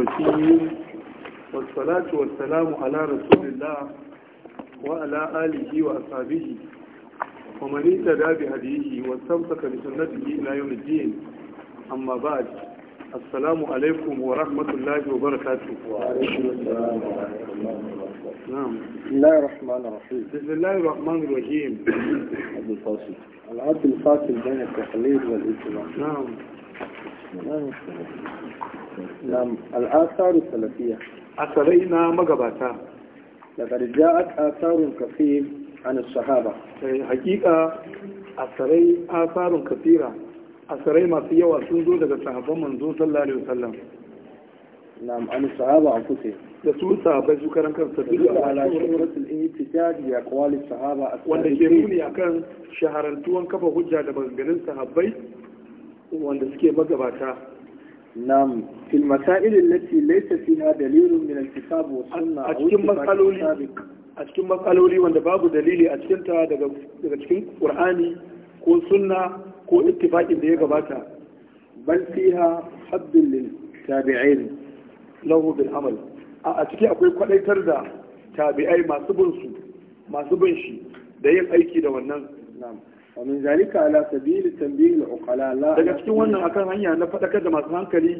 الرجيم والصلاة والسلام على رسول الله وعلى آله وأصحابه ومن اهتدى بهديه واستمسك بسنته إلى يوم الدين أما بعد السلام عليكم ورحمة الله وبركاته وعليكم السلام ورحمة الله وبركاته نعم بسم الله الرحمن الرحيم بسم الله الرحمن الرحيم عبد الفاصل العبد الفاصل بين التقليد والإجتماع نعم al'asaru salafiya asalai na magabata daga rija a asarun kafi a nishahaba hakika asarai asarun kafira asarai masu yawa sun zo daga sahabban manzo sallallahu alaihi wasallam na amfani sahaba a kusa da su sahabai su kansa da su alashin in yi tijadi ya kawali sahaba a wanda ke nuni a kan shaharantuwan kafa hujja da maganganun sahabbai wanda suke magabata نعم في المسائل التي ليس فيها دليل من الكتاب a أتكلم مسألولي أتكلم مسألولي وأن باب دليلي أتكلمت daga cikin Qur'ani ko sunna ko ittifaqin da ya gabata bal fiha haddun lil tabi'in lahu bil amal a ciki akwai kwadaitar da tabi'ai masu bin da yin aiki da wannan ومن ذلك على سبيل تنبيه العقلاء لا daga cikin wannan akan hanya na fadakar da masu hankali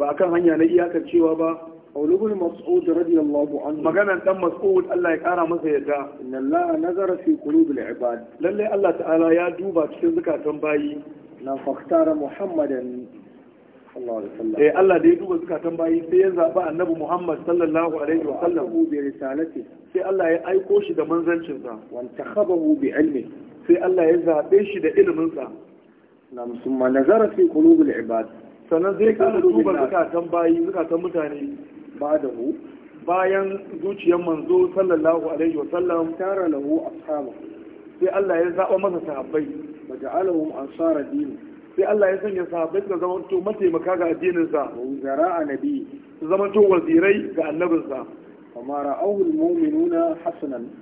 ba akan hanya na iyakar cewa ba qaulul mas'ud radiyallahu anhu maganan dan mas'ud Allah ya kara masa yadda inna Allah nazara fi qulubil ibad lalle Allah ta'ala ya duba cikin zukatan bayi na faktara muhammadan eh Allah da ya duba zukatan bayi sai ya zaba annabi Muhammad sallallahu alaihi wa sallam sai Allah ya aiko shi da manzancin sa bi ilmi sai Allah ya zaɓe shi da iliminsa nam summa nazara fi qulubil ibad sannan zai kana duba zakatan bayi zakatan mutane ba da hu bayan zuciyar manzo sallallahu alaihi wa sallam tara lahu ashabu sai Allah ya zaba masa sahabbai wa ja'alahum ansara din sai Allah ya sanya sahabbai su zama to mataimaka ga addinin sa wa zara'a su zama to wazirai ga annabinsa amma ra'ahu muminuna hasanan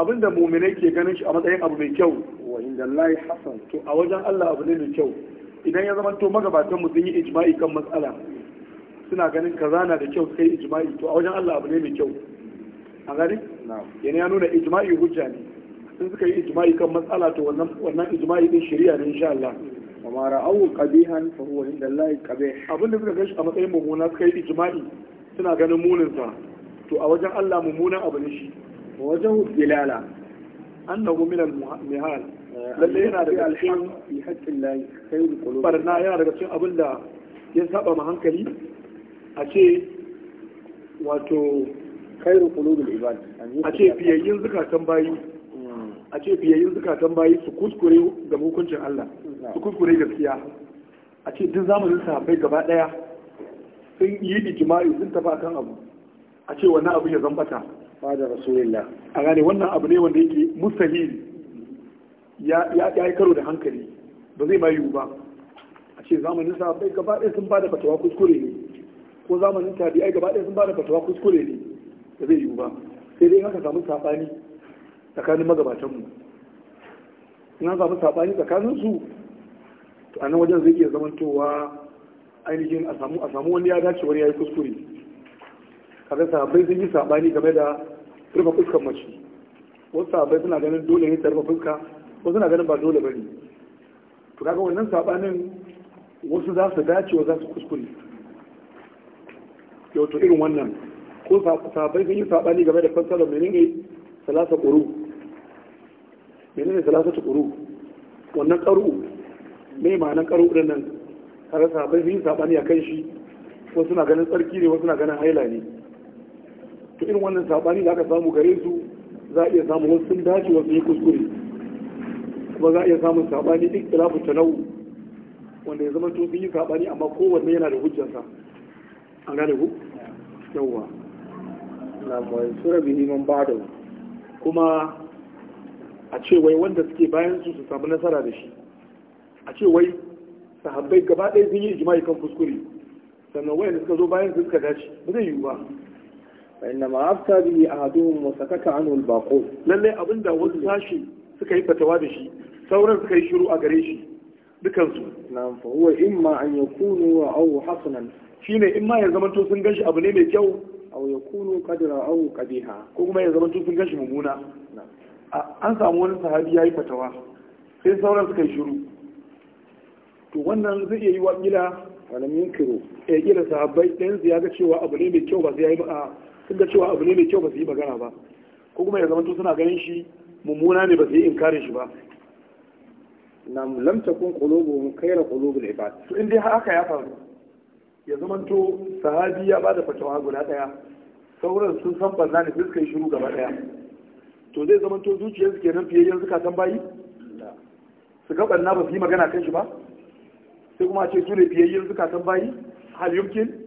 abinda muminai ke ganin shi a matsayin abu mai kyau wa inda Allah hasan to a wajen Allah abu ne mai kyau idan ya zama to magabatan mu sun yi ijma'i kan matsala suna ganin kaza na da kyau sai ijma'i to a wajen Allah abu ne mai kyau a gani yana ya nuna ijma'i hujja ne in suka yi ijma'i kan matsala to wannan wannan ijma'i din shari'a ne insha Allah amma ra'awu qabihan fa huwa inda Allah qabih abinda suka ganshi a matsayin mummuna suka yi ijma'i suna ganin munin sa to a wajen Allah mummunan abu ne shi wajen dilala annahu min al-mihal lalle yana daga cikin fi haqqin yana daga cikin abin da ya saba ma hankali a ce wato khairul qulubul ibad su kuskure ga hukuncin Allah su kuskure gaskiya a ce duk zamanin sahabbai gaba daya sun yi ijma'i sun tafi akan abu a ce wani abu ya zambata bada da rasulullah a gane wannan abu ne wanda yake mustahil ya ya yi karo da hankali ba zai ma yiwu ba a ce zamanin sa bai gaba ɗaya sun bada fatawa kuskure ne ko zamanin ta bai gaba ɗaya sun bada fatawa kuskure ne ba zai yiwu ba sai dai haka samu sabani tsakanin magabatan mu in an samu sabani tsakanin su to a nan wajen zai iya zamantowa ainihin a samu wani ya dace wani ya yi kuskure kada sahabbai sun yi sabani game da rufe fuskar mace wasu sahabbai suna ganin dole ne ta rufe fuska wasu suna ganin ba dole bane to kaga wannan sabanin wasu za su dace wasu za su kuskure yau to irin wannan ko sahabbai sun yi sabani game da fassara menene salasa quru menene salasa quru wannan qaru mai ma'anar qaru din nan kaga sahabbai sun yi sabani akan shi wasu na ganin tsarki ne wasu na ganin haila ne ta irin wannan sabani da aka samu gare su za a iya samu wasu sun dace wasu yi kuskure kuma za a iya samun sabani duk tilafu tanau wanda ya zama to sun yi sabani amma kowanne yana da hujjarsa an gane ku yawwa na mai sura bi man ba'da kuma a ce wai wanda suke bayan su su samu nasara da shi a ce wai sahabbai gaba ɗaya sun yi ijma'i kan kuskure sannan wayanda suka zo bayan su suka dace ba zai yiwu ba فإنما أفتى به أحدهم وسكت عنه الباقون لله أبن دا وزاشي سكي فتوادشي ثورا سكي شروع أغريشي dukansu na'am fa huwa imma an yakunu aw hasanan shine in ma ya zamanto sun gashi abu ne mai kyau aw yakunu qadra aw qabiha ko kuma ya zamanto sun gashi mumuna an samu wani sahabi yayi fatawa sai sauran suka yi shiru to wannan zai iya yi wa kila walam yunkiru eh kila sahabbai ɗayan su ya ga cewa abu ne mai kyau ba sai yayi ba sun ga cewa abu ne mai kyau ba su yi magana ba ko kuma ya to suna ganin shi mummuna ne ba su yi inkarin shi ba nam lam takun qulubuhum khayra qulubil ibad to in dai haka ya faru ya to sahabi ya bada fatawa guda daya sauran sun san banza ne suka yi shiru gaba daya to zai to zuciyar su kenan fiye yanzu ka san bayi su ga banna ba su yi magana kan shi ba sai kuma a ce su ne fiye yanzu ka san bayi hal yumkin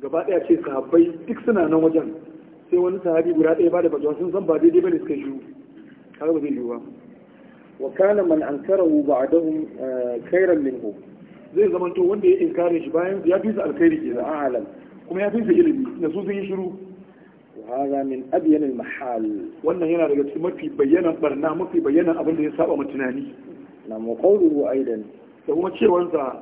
gaba ɗaya ce sahabbai duk suna nan wajen sai wani sahabi guda ɗaya ba da fatawa sun san ba daidai bane suka shiru kaga ba zai yiwu ba wa kana man ankarahu ba'dahum eh, khairan minhu zai zamanto wanda ya inkare shi bayan ya fi su alkhairi ke da alam kuma ya fi su ilimi da su sun yi shiru وهذا من أبين المحال وأن هنا رجعت ما في بيانا برنا ما في بيانا أبن لي سابع متناني نعم وقوله أيضا فهو ما تشير وانسى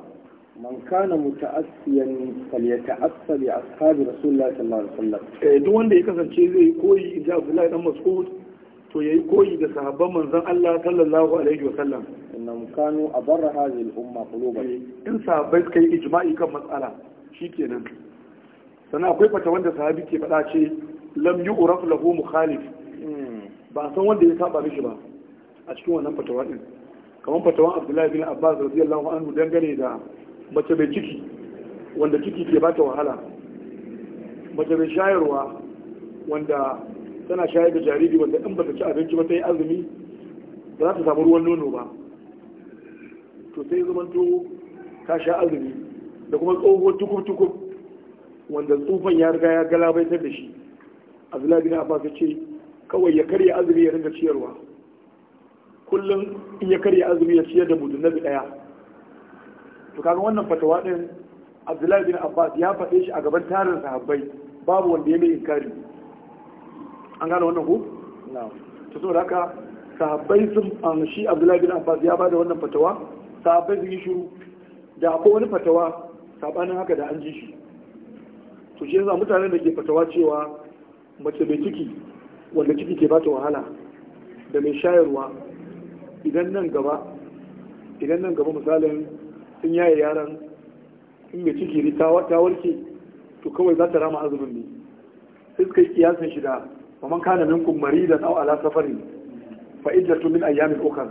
man kana muta'assiyan falyata'assa bi ashabi rasulullahi sallallahu alaihi wasallam eh duk wanda ya kasance zai koyi da Abdullahi dan Mas'ud to yayi koyi da sahabban manzon Allah sallallahu alaihi wasallam innahum kanu abarra hadhihi al-umma quluban eh, in sahabbai kai ijma'i kan matsala shikenan sannan akwai fata wanda sahabi ke faɗa ce lam yu'raf lahu mukhalif hmm. ba san wanda ya saba mishi ba a cikin wannan fatawa din kamar fatawan Abdullahi bin Abbas radiyallahu anhu dangane da mace mai ciki wanda ciki ke bata wahala mace mai shayarwa wanda tana shayar da jariri wanda in bata ci abinci ba ta yi azumi ba za ta samu ruwan nono ba to sai zamanto ka sha azumi da kuma tsohuwar tukur-tukur wanda tsufan ya riga ya galabaitar da shi abdullahi zilabi na ce kawai ya karya azumi ya ringa ciyarwa kullum in ya karya azumi ya ciyar da budu na daya to kaga wannan fatawa din Abdullahi bin Abbas ya faɗe shi a gaban tarin sahabbai babu wanda ya mai inkari an gane wannan ku na'am to saboda haka sahabbai sun shi Abdullahi bin Abbas ya bada wannan fatawa sahabbai sun yi shiru da akwai wani fatawa sabanin haka da an ji shi to shi yasa mutanen da ke fatawa cewa mace mai ciki wanda ciki ke bata wahala da mai shayarwa idan nan gaba idan nan gaba misalin sun yaye yaran in mai ciki ne ta warke to kawai za ta rama azumin ne sai suka yi kiyasin shi da man kana minkum maridan aw ala safarin fa iddatu min ayyamin ukhra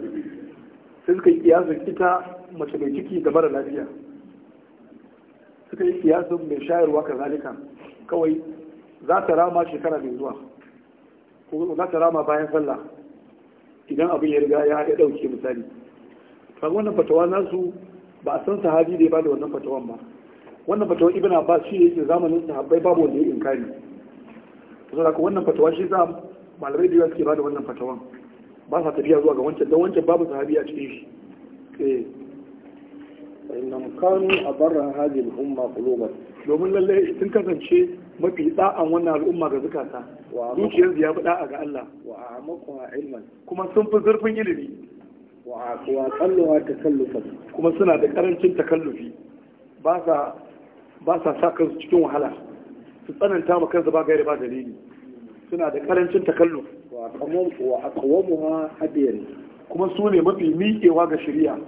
sai suka yi kiyasin ita mace mai ciki da mara lafiya suka yi kiyasin mai shayarwa zalika kawai za ta rama shekara mai zuwa ko za ta rama bayan sallah idan abin ya riga ya dauke misali kaga wannan fatawa nasu ba a san sahabi da ya bada wannan fatawan ba wannan fatawan ibn abbas shi yake zamanin sahabbai babu wanda ya inkari to da wannan fatawa shi za malamai da suke bada wannan fatawan ba sa tafiya zuwa ga wancan dan wancan babu sahabi a cikin shi eh nam kanu abarra hadhihi al-umma quluban domin lalle sun kasance mafi da'an wannan al'umma ga zukata zuciyar ya da'a ga Allah wa amakuha ilman kuma sun fi zurfin ilimi wa kallowa takallufa kuma suna da karancin takallufi ba sa sa kansu cikin wahala su tsananta ma kansu ba gaira ba dalili suna da karancin takalluf wa aqwamuha hadiyan kuma su ne mafi miƙewa ga shari'a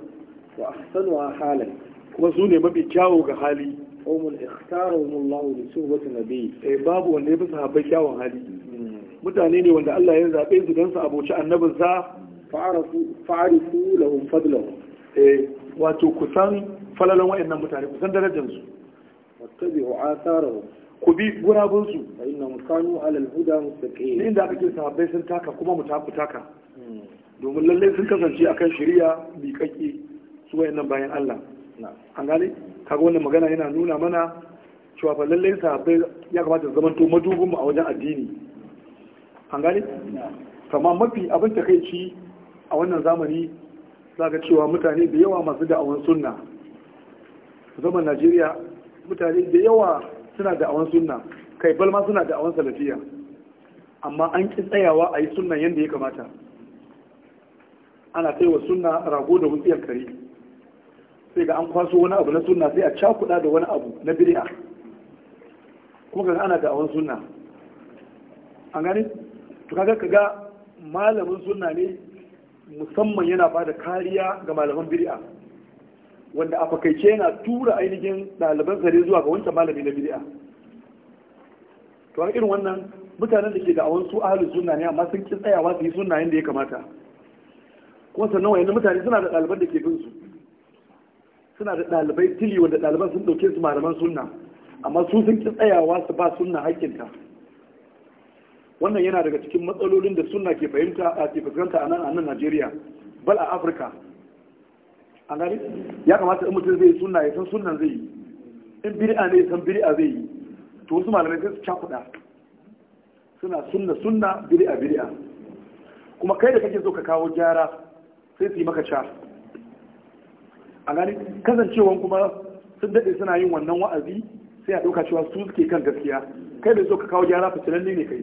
wa ahsanuha halan kuma su ne mafi kyawu ga hali qawmun ikhtarahum Allah li suhbati nabiy eh babu wanda ya fi sahabbai kyawun hali hmm. mutane ne wanda Allah ya zabe su dan su abuci annabinsa fa'arifu lahum fadlahum eh wato ku san falalan wayannan mutane ku san darajar su wattabi'u atharahum ku bi gurabun su fa innahum kanu ala alhuda huda mustaqim inda kake sahabbai sun taka kuma mu tafi taka hmm. domin lallai sun kasance akan shari'a bi kake su wayannan bayan Allah an gane kaga wannan magana yana nuna mana cewa fa lallai sahabbai ya kamata su to madubun mu a wajen addini an gane kamar mafi abin takaici a wannan zamani za ka cewa mutane da yawa masu da'awan sunna zaman najeriya mutane da yawa suna da'awan sunna kai balma suna da'awan salafiya amma an ƙi tsayawa a yi sunan yadda ya kamata ana kai wa sunna rago da wutsiyar kare sai ga an kwaso wani abu na sunna sai a cakuɗa da wani abu na birya kuma ga ana da'awan sunna an gani to ka ga malamin sunna ne musamman yana ba da kariya ga malaman bid'a wanda a fakaice yana tura ainihin ɗaliban sare zuwa ga wancan malami na bid'a to irin wannan mutanen da ke da awon su ahli sunna ne amma sun kin tsayawa su yi sunna yadda ya kamata kuma sannan wayannan mutane suna da ɗaliban da ke bin su suna da ɗalibai tili wanda ɗaliban sun ɗauke su malaman sunna amma su sun kin tsayawa su ba sunna ta. wannan yana daga cikin matsalolin da suna ke fahimta a ke fuskanta a nan a nan Najeriya bal a Afirka A gani ya kamata in mutum zai suna, ya san sunan zai yi in bir'a ne ya san bir'a zai yi to wasu malamai sai su cakuɗa suna sunna sunna bir'a-bir'a. kuma kai da kake so ka kawo gyara sai su yi maka ca a gani kasancewan kuma sun daɗe suna yin wannan wa'azi sai a ɗauka cewa su suke kan gaskiya kai da so ka kawo gyara fitilanne ne kai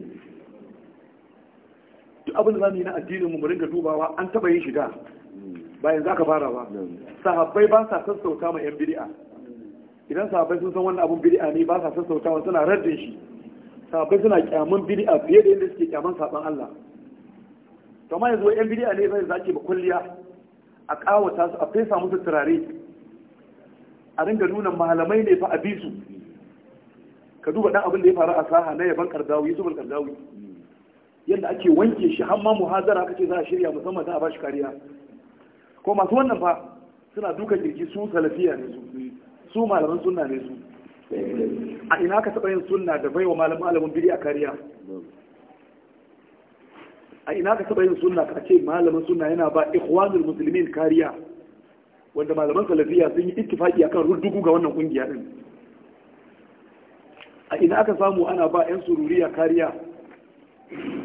abin da zamu yi na addinin mu mu ringa dubawa an taba yin shiga bayan zaka fara ba sahabbai ba sa sassauta ma yan bid'a idan sahabbai sun san wannan abun bid'a ne ba sa wa suna raddin shi sahabbai suna kyaman bid'a fiye da yadda suke kyaman saban Allah to amma yanzu yan bid'a ne sai zaki ba kulliya a kawata su a fesa musu turare a ringa nuna malamai ne fa a bisu ka duba dan abin da ya faru a saha na yaban kardawi zubul kardawi yadda ake wanke shi har ma muhazara aka ce za a shirya musamman za a ba shi kariya ko masu wannan fa suna dukan jirgi su salafiya ne su su malaman sunna ne su a ina ka taba yin sunna da baiwa malamin malamin biri a kariya a ina ka taba yin sunna ka ce malamin sunna yana ba ikhwanul muslimin kariya wanda malaman salafiya sun yi ittifaki akan rudugu ga wannan kungiya din a ina aka samu ana ba yan sururiya kariya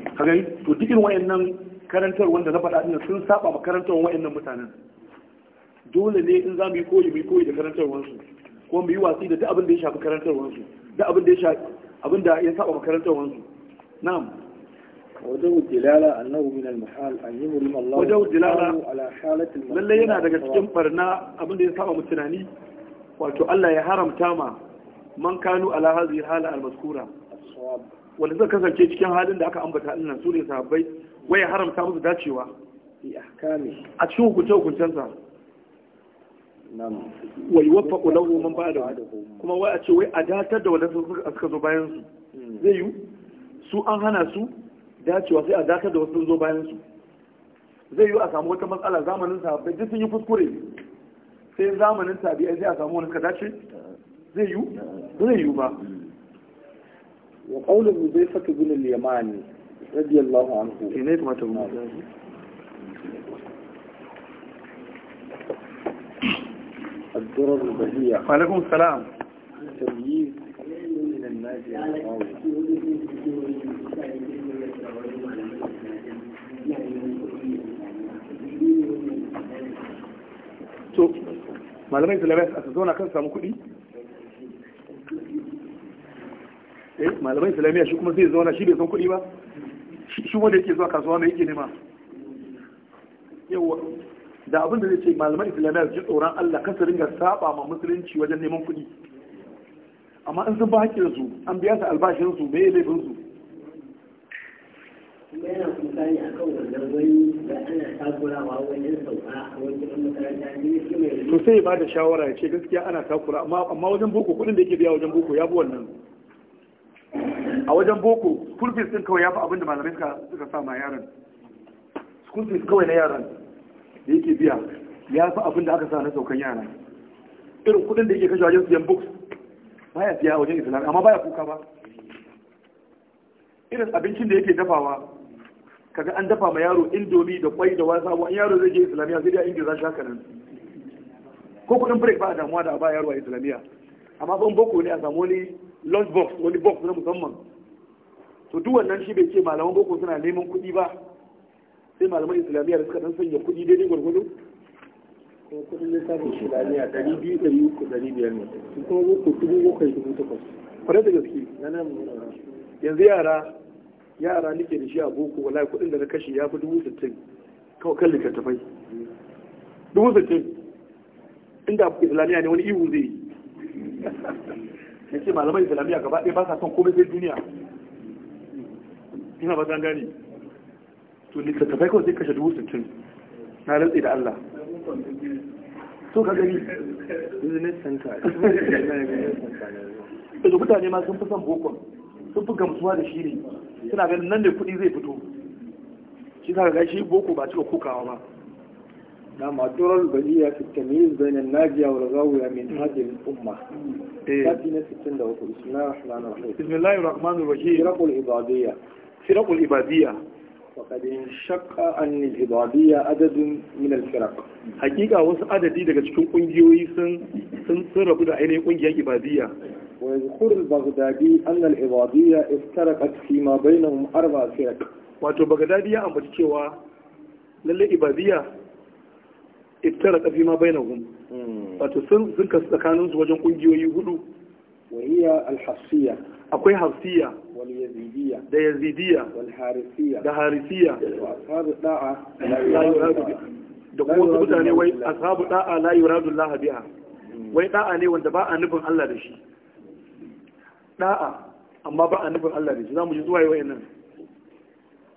ka to duk irin wayannan karantar wanda na faɗa din sun saba ma karantar wayannan mutanen dole ne in za mu yi koyi mu yi koyi da karantarwar su ko mu yi watsi da duk abin da ya shafi karantarwar su duk abin da ya shafi abin da ya saba ma karantarwar su na'am وجه الدلالة أنه من المحال أن يمرم الله وجه الدلالة على حالة المحال لله ينا daga cikin barna abin da ya saba mu tunani wato Allah ya haramta ma man kanu ala hadhihi hala al maskura as-sawab wanda suka kasance cikin halin da aka ambata dinnan su ne sahabbai waya haramta musu dacewa a cikin hukunce hukuncensa wai wafa ulahu man ba da kuma wai a ce wai a datar da wadansu suka zo bayan su hmm. zai yi su an hana su dacewa sai a datar da wasu zo bayan su zai yi a samu wata matsala zamanin sahabbai duk sun yi kuskure sai zamanin tabi'ai sai a samu wani suka dace hmm. zai yi zai yi ba hmm. وقول المزيفة بن اليماني رضي الله عنه كيف ما تقول مزيفة نعم. الدرر البهية عليكم السلام تبييز ما لم يكن لباس أتزونا كنسة مكودي eh malaman islamiyya shi kuma zai zauna shi bai san kuɗi ba shi wanda yake zuwa kasuwa mai yake nema yawa da abin da zai ce malamai islamiyya su ji tsoron Allah kan su ringa saba ma musulunci wajen neman kuɗi amma in sun ba hakkin su an biya su albashin su mai laifin su yana misali a kan wannan wani da ana takurawa wajen sauka a wajen makaranta ne shi mai to sai ba da shawara ya ce gaskiya ana takura amma wajen boko kudin da yake biya wajen boko ya bi wannan a wajen boko school fees din kawai ya fi abin da malamai suka sa ma yaran school fees kawai na yaran da yake biya ya fi abin da aka sa na saukan yara irin kudin da yake kashe wajen siyan books baya siya wajen islam amma baya kuka ba irin abincin da yake dafawa kaga an dafa ma yaro indomi da kwai da wani wa yaro zai je islamiyya zai da za shi haka nan ko kudin break ba a damuwa da ba yaro a islamiyya amma ban boko ne a samu wani lunch box wani box na musamman to duk wannan shi bai ce malaman boko suna neman kuɗi ba sai malaman islamiyya da suka dan sanya kuɗi daidai gwargwado kudin lissafin islamiyya dari biyu dari uku dari biyar ne su kuma boko dubu bakwai dubu takwas kwarai da gaske yanzu yara yara nake da shi a boko wallahi kuɗin da na kashe ya fi dubu sittin kawai kan littattafai dubu sittin inda islamiyya ne wani ihu zai yi ya ce malaman islamiyya gaba ɗaya ba sa son komai sai duniya ina ba zan gane to littattafai kawai zai kashe dubu sittin na rantsi da Allah so ka gani ne center da mutane ma sun fi son bokon sun fi gamsuwa da shi ne suna ganin nan ne kuɗi zai fito shi ka ga shi boko ba cika kokawa ba na maduro albaliya fi tamyiz bain an-najiya wal ghawiya min hadhihi al-umma kafi na 64 bismillahir rahmanir rahim bismillahir rahmanir rahim firaqul ibadiyya firaqul ibadiyya faqad inshaqa an al-ibadiyya adadun min al-firaq hakika wasu adadi daga cikin kungiyoyi sun rabu da ainihin kungiyar ibadiyya wa yadhkur al-baghdadi anna al-ibadiyya iftaraqat fi ma bainahum arba'a firaq wato bagdadi ya ambaci cewa lalle ibadiyya iftara kafi ma bai na hum hmm. wato sun kasu tsakaninsu wajen ƙungiyoyi hudu وهي الحفصية أقوي حفصية واليزيدية ده يزيدية والحارثية ده حارثية وأصحاب الطاعة لا يراد بها da kuma wasu mutane wai ashabu da'a la yuradu Allah biha hmm. wai da'a ne wanda ba a nufin Allah da shi da'a amma ba a nufin Allah da shi zamu ji zuwa wayannan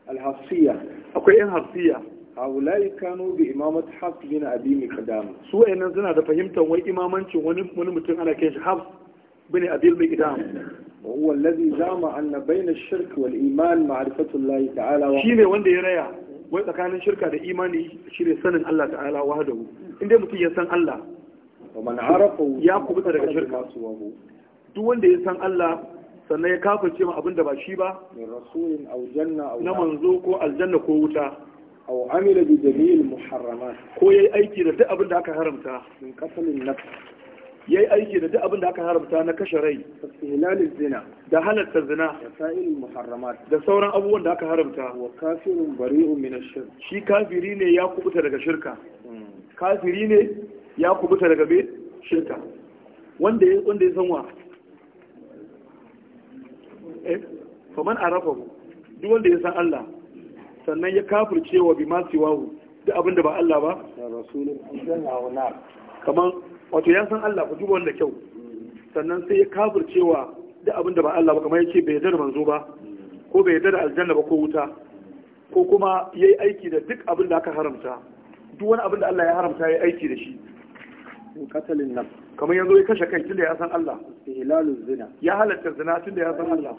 al-hafsiyya akwai yan hafsiyya haulai kano bi imamat hafs bin abi miqdam su wayannan suna da fahimtar wani imamancin wani wani mutum ana kai shi hafs bin abi miqdam wa huwa alladhi zama anna bayna ash-shirk wal iman ma'rifatu Allah ta'ala wa shine wanda ya raya wai tsakanin shirka da imani shine sanin Allah ta'ala wahdahu inda mutum ya san Allah wa man arafa ya kubuta daga shirka duk wanda ya san Allah sannan ya kafirce ma abin da ba shi ba na manzo ko aljanna ko wuta aw amila bi jami'il muharramat ko yayi aiki da duk abin da aka haramta min qatlin nafs yayi aiki da duk abin da aka haramta na kashe rai ihlalil zina da halatta zina da sa'il muharramat da sauran abubuwan da aka haramta wa kafirun bari'un min ash-shirk shi kafiri ne ya kubuta daga shirka hmm. kafiri ne ya kubuta daga be shirka wanda ya wanda ya san wa eh faman arafahu duk wanda ya san Allah sannan ya kafirce wa bi masu wahu da abinda ba Allah ba kamar wato ya san Allah ku duba wanda kyau sannan sai ya kafirce wa da abinda ba Allah ba kamar ya ce bai yarda da manzo ba ko bai yarda da aljanna ba ko wuta ko kuma ya yi aiki da duk abin da aka haramta duk wani abin da Allah ya haramta ya yi aiki da shi katalin nan kamar yanzu ya kashe kai tunda ya san Allah ya halatta zina tunda ya san Allah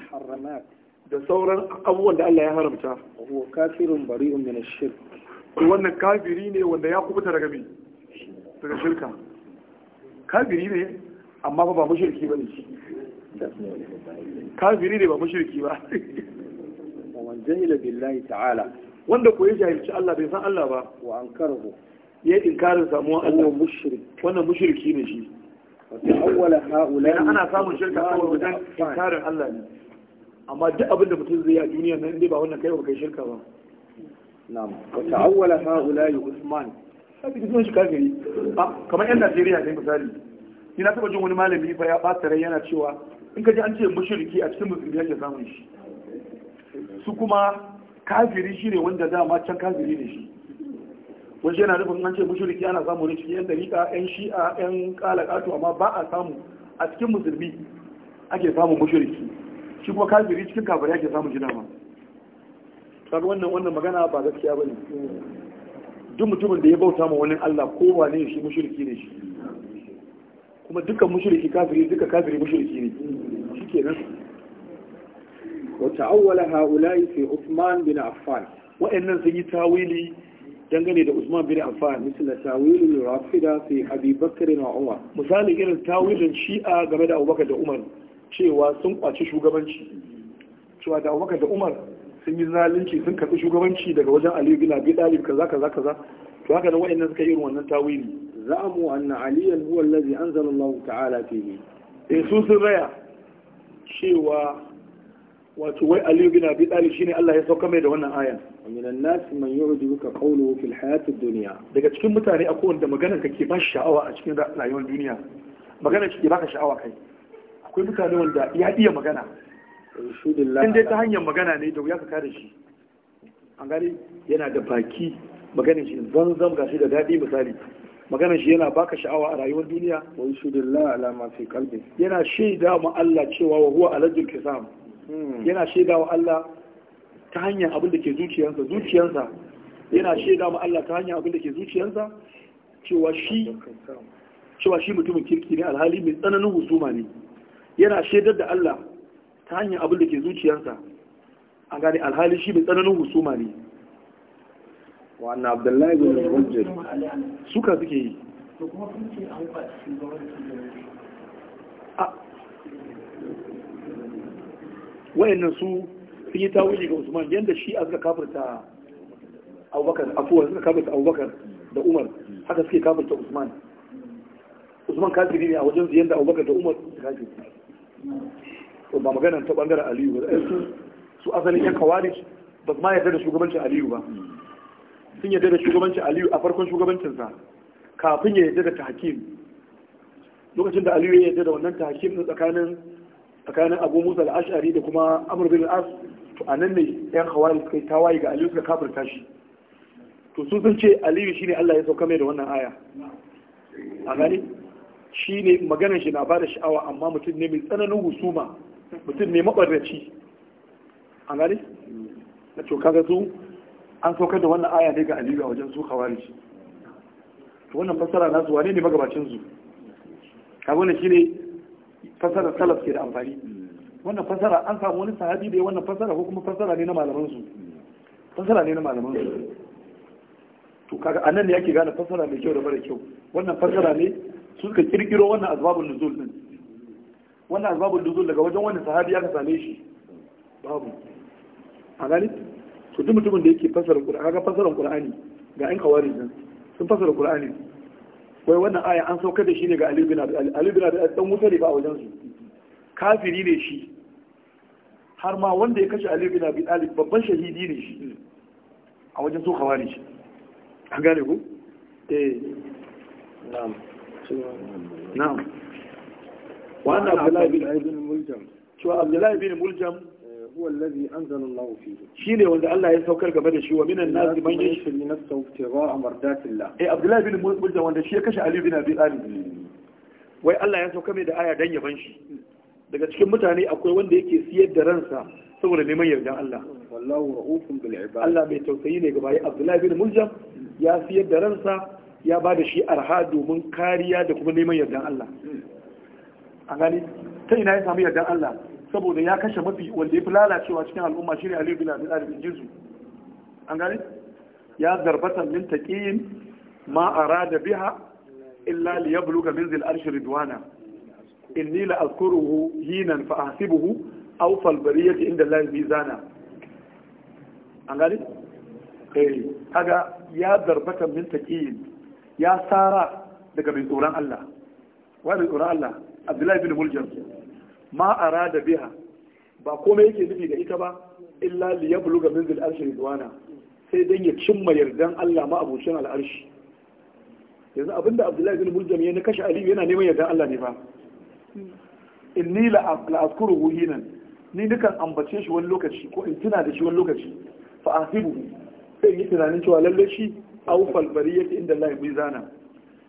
da sauran abubuwan da Allah ya haramta wa kafirun bari'un min ash-shirk wannan kafiri ne wanda ya kubuta daga me daga shirka kafiri ne amma ba mushriki bane shi kafiri ne ba mushriki ba wa man jahila billahi ta'ala wanda ko ya jahilci Allah bai san Allah ba wa ankarahu ya inkarin samuwa Allah mushrik wannan mushriki ne shi wa ta'awwala ha'ula ana samun shirka a wajen inkarin Allah ne amma duk abin da mutum zai yi a duniya nan dai ba wannan kai ba kai shirka ba na'am wa ta'awwala haula ya usman sai kisan shi kafiri kamar yan Najeriya dai misali ni na taba jin wani malami fa ya bata rai yana cewa in ka ji an ce mushriki a cikin musulmi yake samun shi su kuma kafiri shine wanda dama can kafiri ne shi wajen yana nufin an ce mushriki ana samu ne cikin yan dariƙa yan shi'a yan kalakatu amma ba a samu a cikin musulmi ake samun mushriki shi kuma kafiri cikin kafiri yake samun shi dama kaga wannan wannan magana ba gaskiya bane duk mutumin da ya bauta ma wani Allah ko wane shi mushriki ne shi kuma dukkan mushriki kafiri duka kafiri mushriki ne nan. wa ta'awwala ha'ula'i fi Uthman bin Affan wa'annan sun yi tawili dangane da Usman bin Affan misali tawilin Rafida fi Abi Bakr wa Umar misali irin tawilin Shi'a game da Abubakar da Umar cewa sun kwaci shugabanci cewa da abubakar da umar sun yi zalunci sun karɓi shugabanci daga wajen aliyu bin abi dalib kaza kaza kaza to haka nan wa'annan suka yi irin wannan tawili za'amu anna aliyan huwa allazi anzala Allah ta'ala fihi eh su sun raya cewa wato wai aliyu bin abi dalib shine Allah ya sauka mai da wannan ayan min an-nas man yu'jibuka qawluhu fil hayati ad-dunya daga cikin mutane akwai wanda maganar ka ke ba shi sha'awa a cikin rayuwar duniya maganar ke baka sha'awa kai akwai mutane wanda ya iya magana in dai ta hanyar magana ne da wuya ka kare shi an gani yana da baki maganin shi zanzam ga shi da daɗi misali magana shi yana baka sha'awa a rayuwar duniya wa yushudillah ala ma fi yana shaida wa Allah cewa wa huwa alajin kisam hmm. yana shaida wa Allah ta hanyar abin da ke zuciyarsa zuciyarsa yana shaida wa Allah ta hanyar abin da ke zuciyarsa cewa shi cewa shi mutumin kirki ne alhali mai tsananin husuma ne yana shaidar da Allah ta hanyar abin da ke zuciyarsa a gane alhali shi mai tsananin husuma ne wannan abdullahi bin hujjar suka suke yi wayannan su sun yi tawili ga usman yadda shi a suka kafarta abubakar afuwar suka kafarta abubakar da umar haka suke kafarta usman usman kafiri ne a wajen ziyan da abubakar da umar kafiri to ba maganar ta bangaren aliyu ba su su asalin yan kawari ba ma yarda da shugabancin aliyu ba sun yarda da shugabancin aliyu a farkon shugabancinsa kafin ya yarda da hakim lokacin da aliyu ya yarda da wannan ta na tsakanin tsakanin abu musa al da kuma Amurbin bin as to nan ne yan kawari suka yi tawaye ga aliyu suka kafirta shi to sun sun ce aliyu shine Allah ya sauka mai da wannan aya a gani shi ne maganar shi na ba da sha'awa amma mutum ne mai tsananin husuma mutum ne maɓarraci an gani na coka ga su an saukar da wannan aya ne ga aliyu a wajen su kawari to wannan fassara na zuwa ne magabacin su kaga shi shine fassara salaf ke da amfani wannan fassara an samu wani sahabi da wannan fassara ko kuma fassara ne na malaman su fassara ne na malaman su to kaga anan ne ake gane fassara mai kyau da mara kyau wannan fassara ne suka kirkiro wannan azabun nuzul din wannan azabun nuzul daga wajen wani sahabi aka same shi babu a gani to duk mutumin da yake fasara qur'ani ga fasara qur'ani ga an kawari nan sun fasara qur'ani wai wannan aya an saukar da shi ne ga Ali bin Abi Ali bin Abi dan wuta ne ba a wajen su kafiri ne shi har ma wanda ya kashe Ali bin Abi Talib babban shahidi ne shi a wajen su kawari shi an gane ku eh na'am na'am وأن عبد الله بن الملجم شو عبد الله بن الملجم هو الذي أنزل الله فيه شيني وأن الله يسوكر قبل شو من الناس من يشفي لنفسه ابتغاء مرضات الله إيه عبد الله بن الملجم وأن شيء كش علي بن أبي طالب wai Allah ya sauka mai da aya dan yaban shi daga cikin mutane akwai wanda yake siyar da ransa saboda neman yardan Allah wallahu raufun bil ibad Allah mai tausayi ne ga bayi Abdullahi bin Muljam ya siyar da ransa ya ba da shi arha domin kariya da kuma neman yardan Allah a gani ta ina ya samu yardan Allah saboda ya kashe mafi wanda ya fi lalacewa cikin al'umma shi ne aliyu bin abin alibin jizu an gani ya zarbata min taqiyin ma arada biha illa liyabluga min zil arshi ridwana inni la azkuruhu hinan fa ahsibuhu aw fal bariyati inda Allah mizana an gani eh kaga ya zarbata min taqiyin ya tsara daga mai tsoron Allah wa mai tsoron Allah Abdullahi bin Muljam ma da biya, ba komai yake nufi da ita ba illa li yabluga minzil arshi ridwana sai dan ya cimma yardan Allah ma abushin al'arshi yanzu abinda Abdullahi bin Muljam ya kashe Aliyu yana neman yardan Allah ne ba inni la'azkuruhu hinan ni dukan ambace shi wani lokaci ko in tuna da shi wani lokaci fa asibuhu sai yi tunanin cewa lalle shi awfal bariyati inda Allah mizana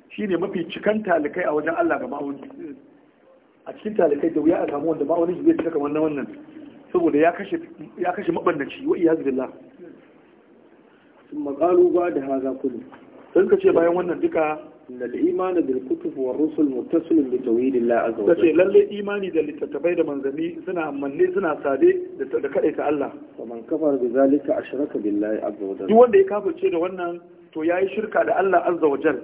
shine mafi cikan talikai a wajen Allah ga ma'auni a cikin talikai da wuya a samu wanda ma'aunin zai cika kamar na wannan saboda ya kashe ya kashe mabannaci wa iyaz billah thumma qalu ba'da hadha kullu sun kace bayan wannan duka innal imani bil kutub war rusul muttasilun bi tawhidillah azza wa jalla lalle imani da littattafai da manzanni suna manne suna sade da kadaita Allah wa man kafara bi zalika ashraka billahi azza wa jalla duk wanda ya kafirce da wannan to yi shirka da Allah azza wa jal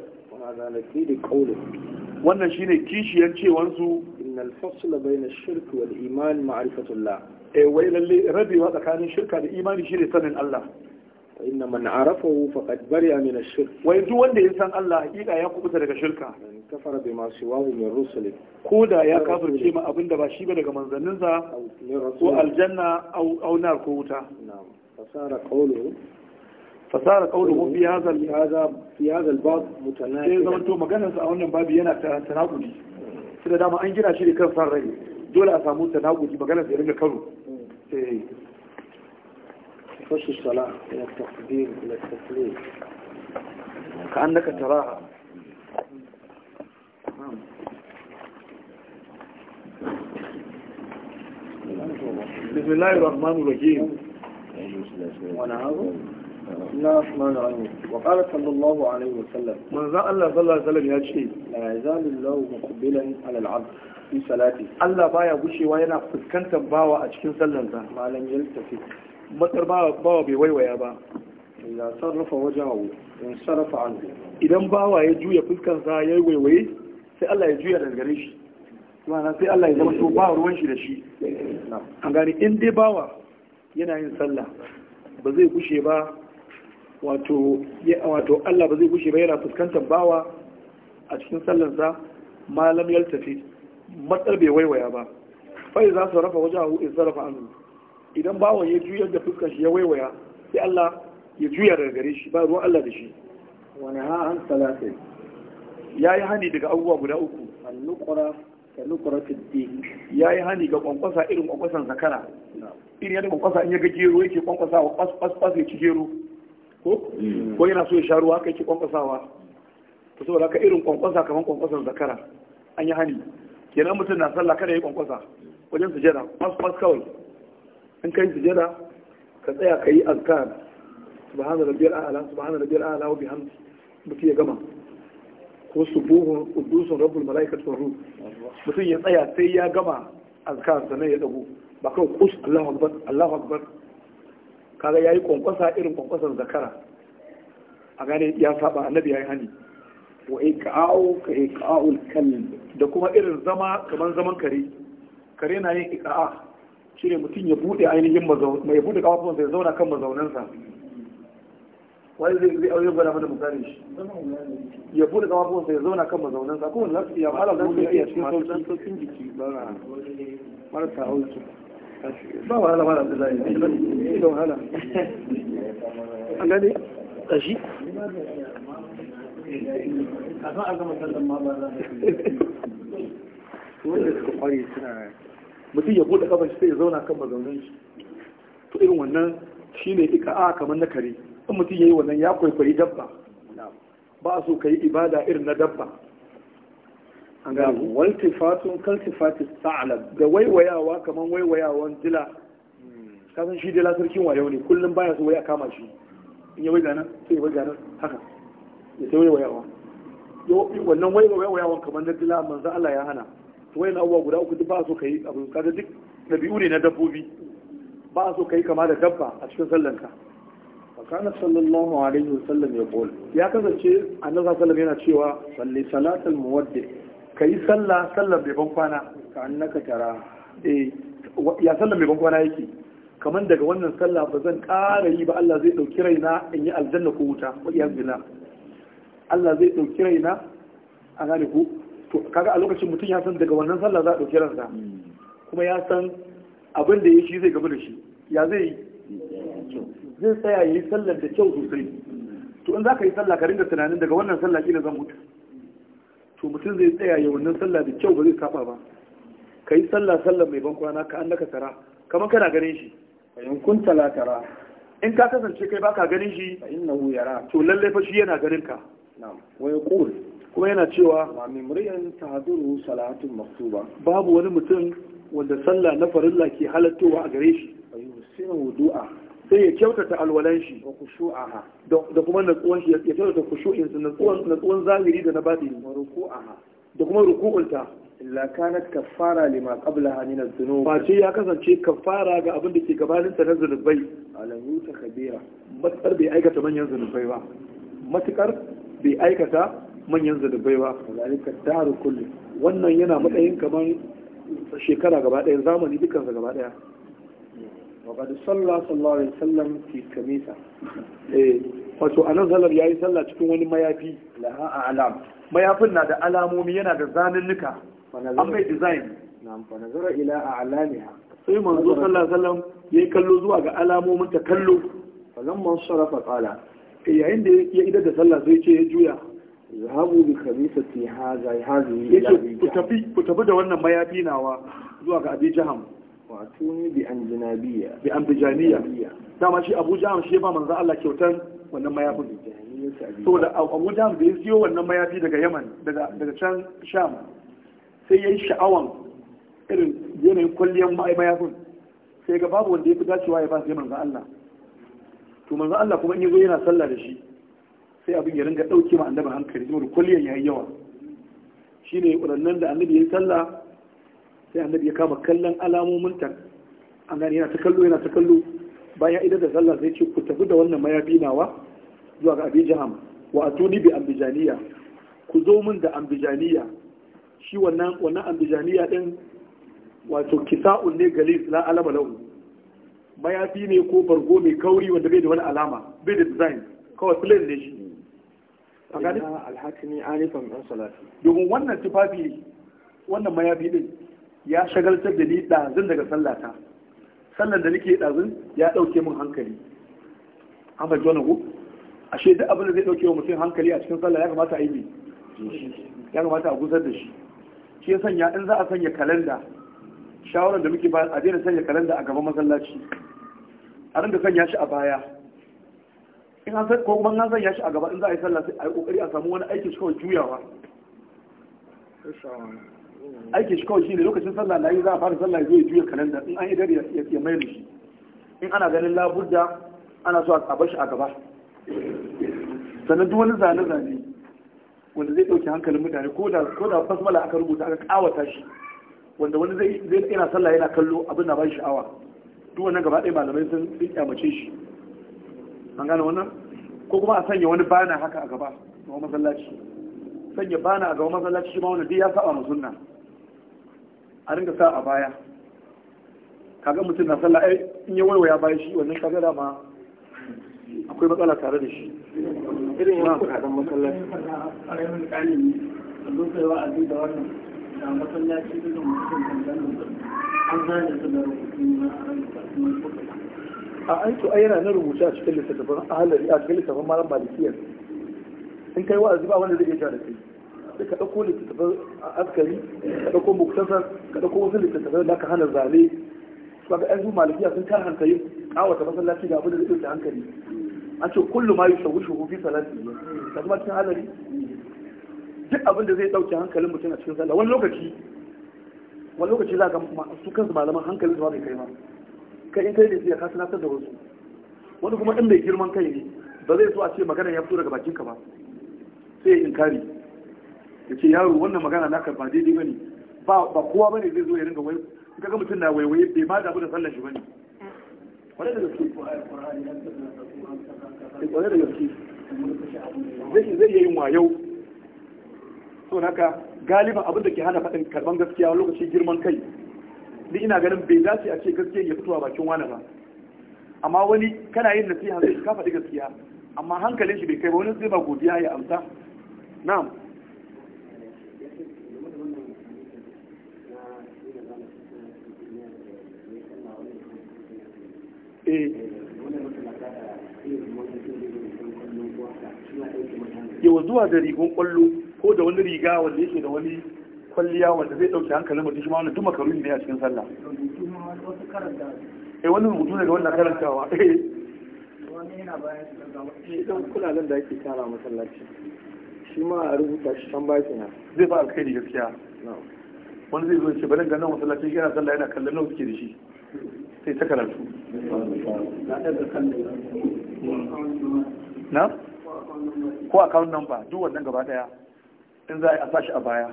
wannan shine kishiyan cewan su innal fasla bayna shirk wal iman ma'rifatullah eh wai lalle rabewa tsakanin shirka da imani shine sanin Allah fa inna man arafahu faqad bari'a min ash-shirk wai duk wanda ya san Allah hakika ya kubuta daga shirka kafara min ko da ya kafirce ma abinda ba shi ba daga manzanninsa ko aljanna au nar ko wuta na'am fasara qawluhu فصار قوله في هذا هذا في هذا الباب متناقض اذا انتم ما كان سؤال باب ينا تناقضي كده دام ان جينا شي كان صار رجل دول اسامو تناقضي ما كان زي رجل كرو خش الصلاة إلى التقدير إلى التسليم كأنك تراها نعم. بسم الله الرحمن الرحيم وانا na Usman Ali wa qala sallallahu alaihi wa sallam manzo Allah sallallahu alaihi ya ce la yazalu Allahu muqbilan ala al-abd Allah baya gushewa yana fuskantar bawa a cikin sallansa malam yaltafi matsar bawa bai waiwaya ba idan sarrafa wajahu in sarrafa anhu idan bawa ya juya fuskansa ya waiwaye sai Allah ya juya shi sai Allah ya zama to ba ruwan shi da shi an gani in dai bawa yana yin sallah ba zai gushe ba wato Allah ba zai gushe ba yana fuskantar bawa a cikin sallansa malam ya tafi matsar bai waiwaya ba fai za su rafa wajen hu in sarrafa annu idan bawan ya juyar da fuskar shi ya waiwaya sai Allah ya juya daga gare shi ba ruwan Allah da shi wani ha an salatin ya yi hani daga abubuwa guda uku nukura, da nukura fiddin ya yi hani ga kwankwasa irin kwankwasan zakara irin yadda kwankwasa in ya ga gero yake kwankwasa kwas kwas kwas ya ci gero ko mm. ko yana so ya sha ruwa kai ki kwankwasawa to saboda ka irin kwankwasa kamar kwankwasan zakara an yi hani kenan mutum na sallah kada ya kwankwasa wajen sujada pas pas kawai in kai sujada ka tsaya ka yi azkar subhana rabbiyal a'la subhana rabbiyal a'la wa bihamdi mutum ya gama ko subuhu qudusun rabbul malaikatu wa ruh mutum ya tsaya sai ya gama azkar sannan ya dago ba kawai kus Allahu akbar Allahu akbar kaga yayi kwankwasa irin kwankwasan zakara a gane ya saba annabi yayi hani wa iqa'u ka iqa'ul kalb da kuma irin zama kaman zaman kare kare na yin iqa'a shine mutum ya bude ainihin mazaun mai bude kafafun sai zauna kan mazaunansa wai zai zai aure gwada mana misali shi ya bude kafafun sai zauna kan mazaunansa kuma za su iya malam za su iya cikin sauƙin jiki ba marasa auki ba wahala ba da zai yi ba an a a ma ba za wanda suka suna mutum ya buɗe kafar shi sai ya zauna kan mazaunin shi to irin wannan shi ne ika'a kamar na kare in mutum ya yi wannan ya kwaikwayi dabba ba a so ka yi ibada irin na dabba an ga waltifatun kaltifatun sa'alab da waiwayawa kamar waiwayawan dila hmm. kasan shi dila sarkin wayo ne kullum baya su waya kama shi in ya waiga sai ya waiga haka ya sai waiwayawa wannan waiwayawan kamar na dila manzo Allah ya hana to wayan abubuwa guda uku duk ba so kai abu kaga duk dabi'u ne na dabbobi ba so kai kama da dabba a cikin sallanka فكان صلى الله عليه وسلم يقول يا كذا شيء أن النبي صلى الله عليه وسلم ka yi sallah sallar mai bankwana ka annaka tara eh ya sallar mai bankwana yake kamar daga wannan sallah ba zan ƙara yi ba Allah zai ɗauki raina in yi aljanna ko wuta wa iyaz Allah zai ɗauki raina a gane ku to kaga a lokacin mutum ya san daga wannan sallah za a ɗauki ransa hmm. kuma ya san abin da ya shi zai gaba da shi ya zai yi zai tsaya ya yi sallar da kyau sosai to in za ka yi sallah ka ringa tunanin daga wannan sallah kila zan mutu to mutum zai tsaya ya wannan sallah da kyau ba zai saba ba ka yi sallah sallah mai ban kwana ka annaka tara kamar kana ganin shi in kun tala tara in ka kasance kai baka ganin shi innahu yara to lalle fa shi yana ganin ka na'am wa yaqul kuma yana cewa ma mimriyan tahduru salatun maktuba babu wani mutum wanda sallah na farilla ke halattowa a gare shi ayu sirru du'a sai ya kyautata alwalan shi wa khushu'aha da kuma natsuwan shi ya kyautata kushu'in sa natsuwan natsuwan zahiri da na batini ruku'aha da kuma ruku'unta illa kanat kaffara lima qablaha min adh-dhunub ba ce ya kasance kaffara ga abin da ke gabanin ta na zunubai alam ta kabira matsar bai aikata manyan zunubai ba matukar bai aikata manyan zunubai ba zalika daru kullu wannan yana matsayin kaman shekara gaba daya zamani sa gaba daya وقد صلى صلى الله عليه وسلم في كميسة wato a nan zalar ya yi sallah cikin wani mayafi laha a alam mayafin na da alamomi yana da zanunnuka an bai design fa nazara ila a alamiha sai manzo sallallahu alaihi wasallam yayi kallo zuwa ga alamomin ta kallo falan man sharafa qala yayin da ya idar da sallah sai ce ya juya zahabu bi khamisati hadha hadhihi ila ku tafi ku tafi da wannan mayafi nawa zuwa ga abi jahannam wato watuni bi an jinabiya bi an bijaniya dama shi abu jam shi ba manzo Allah kyautan wannan mayafin saboda abu jam da ya siyo wannan mayafi daga yaman daga can sham sai ya yi sha'awan irin yanayin kwalliyar mayafin sai ga babu wanda ya fi dacewa ya ba sai manzo Allah to manzo Allah kuma in yazo yana sallah da shi sai abin ya ringa dauke ma annabi hankali saboda kwalliyar yayi yawa shine waɗannan da annabi ya sallah sai annabi ya kama kallon alamomin ta an gani yana ta kallo yana ta kallo bayan idan da sallah sai ce ku tafi da wannan mayafi nawa zuwa ga abijaham wa atuni bi ambijaniya ku zo min da ambijaniya shi wannan wannan ambijaniya din wato kisa'un ne gali la alama lahu mayafi ne ko bargo mai kauri wanda bai da wani alama bai da design kawai plain ne shi a gani alhakimi alifan ɗan salati domin wannan tufafi wannan mayafi din ya shagaltar da ni ɗazun daga sallata sallan da nake ɗazun ya ɗauke min hankali amma fahimci wannan a ashe duk abin da zai ɗauke wa mutum hankali a cikin sallah ya kamata a yi ya kamata a gusar da shi shi ya sanya in za a sanya kalanda shawarar da muke bayan a daina sanya kalanda a gaban masallaci a rinka sanya shi a baya in an ko kuma an sanya shi a gaba in za a yi sallah sai a yi kokari a samu wani aikin shi kawai juyawa Aikin shi kawai shi ne lokacin sallah na yi za a fara sallah zai juya kalanda in an idar ya mai da shi in ana ganin labudda ana so a shi a gaba sannan duk wani zane-zane wanda zai ɗauki hankalin mutane ko da ko da aka rubuta aka kawata shi wanda wani zai zai yana sallah yana kallo abin na ba shi sha'awa duk wannan gaba ɗaya malamai sun kyamace shi an gane wannan ko kuma a sanya wani bana haka a gaba na masallaci sanya bana a ga masallaci shi ma wannan duk ya saba mu sunna a ringa sa a baya kaga mutum na sallah ai in ya waiwaya baya shi wannan kaga da ma akwai matsala tare da shi irin yana kuɗaɗen masallaci ƙaramin ƙalimi a lokacin wa'azi da wannan da masallaci irin mutum kan an zane su da rubutu a aiki ayyana yana na rubuce a cikin littattafan ahalari a cikin littattafan malam malikiyar in kai wa'azi ba wanda zai iya da kai sai ka ɗauko littattafan askari ka ɗauko muktasar ka ɗauko wasu littattafan da ka hana zane su ga yanzu malafiya sun kar hankali ƙawata masallaci ga abin da zai ɗauke hankali an ce kullum ma yi shagu shagu fi salati ka kuma cikin halari duk abin da zai ɗauke hankalin mutum a cikin sallah wani lokaci wani lokaci za ka su kansu malaman hankalin su ba bai kai ma kai in kai da siya ka tunatar da wasu wani kuma in mai girman kai ne ba zai so a ce magana ya fito daga bakinka ba sai inkari ya ce yaro wannan magana naka ba daidai bane ba ba kowa bane zai zo ya ringa wai in ga mutum na waiwaye bai ma damu da sallar shi bane kwarai da gaske kwarai eh, da gaske zai zai yin wayau so haka galiban abin da ke hana faɗin karban gaskiya lokacin girman kai ni ina ganin bai dace a ce gaskiya ya fitowa bakin wani ba amma wani kana yin nasiha zai ka faɗi gaskiya amma hankalin shi bai kai ba wani zai ba godiya ya amsa Eh. ya wa zuwa da rigon kwallo ko da wani riga wanda yake da wani kwalliya wanda zai dauke hankalin mutum shima wani duk makarun ne a cikin sallah ya eh, wani rubutu ne da wannan karantawa eh wani yana bayan shi dan eh, kulalan da ake tara masallaci shi ma a rubuta shi can baki na zai fa alkhairi gaskiya wani zai zo ce bari ga nan masallacin yana sallah yana kallon nawa suke da shi sai ta karatu na ko account number duk wannan gaba daya in za a sashi a baya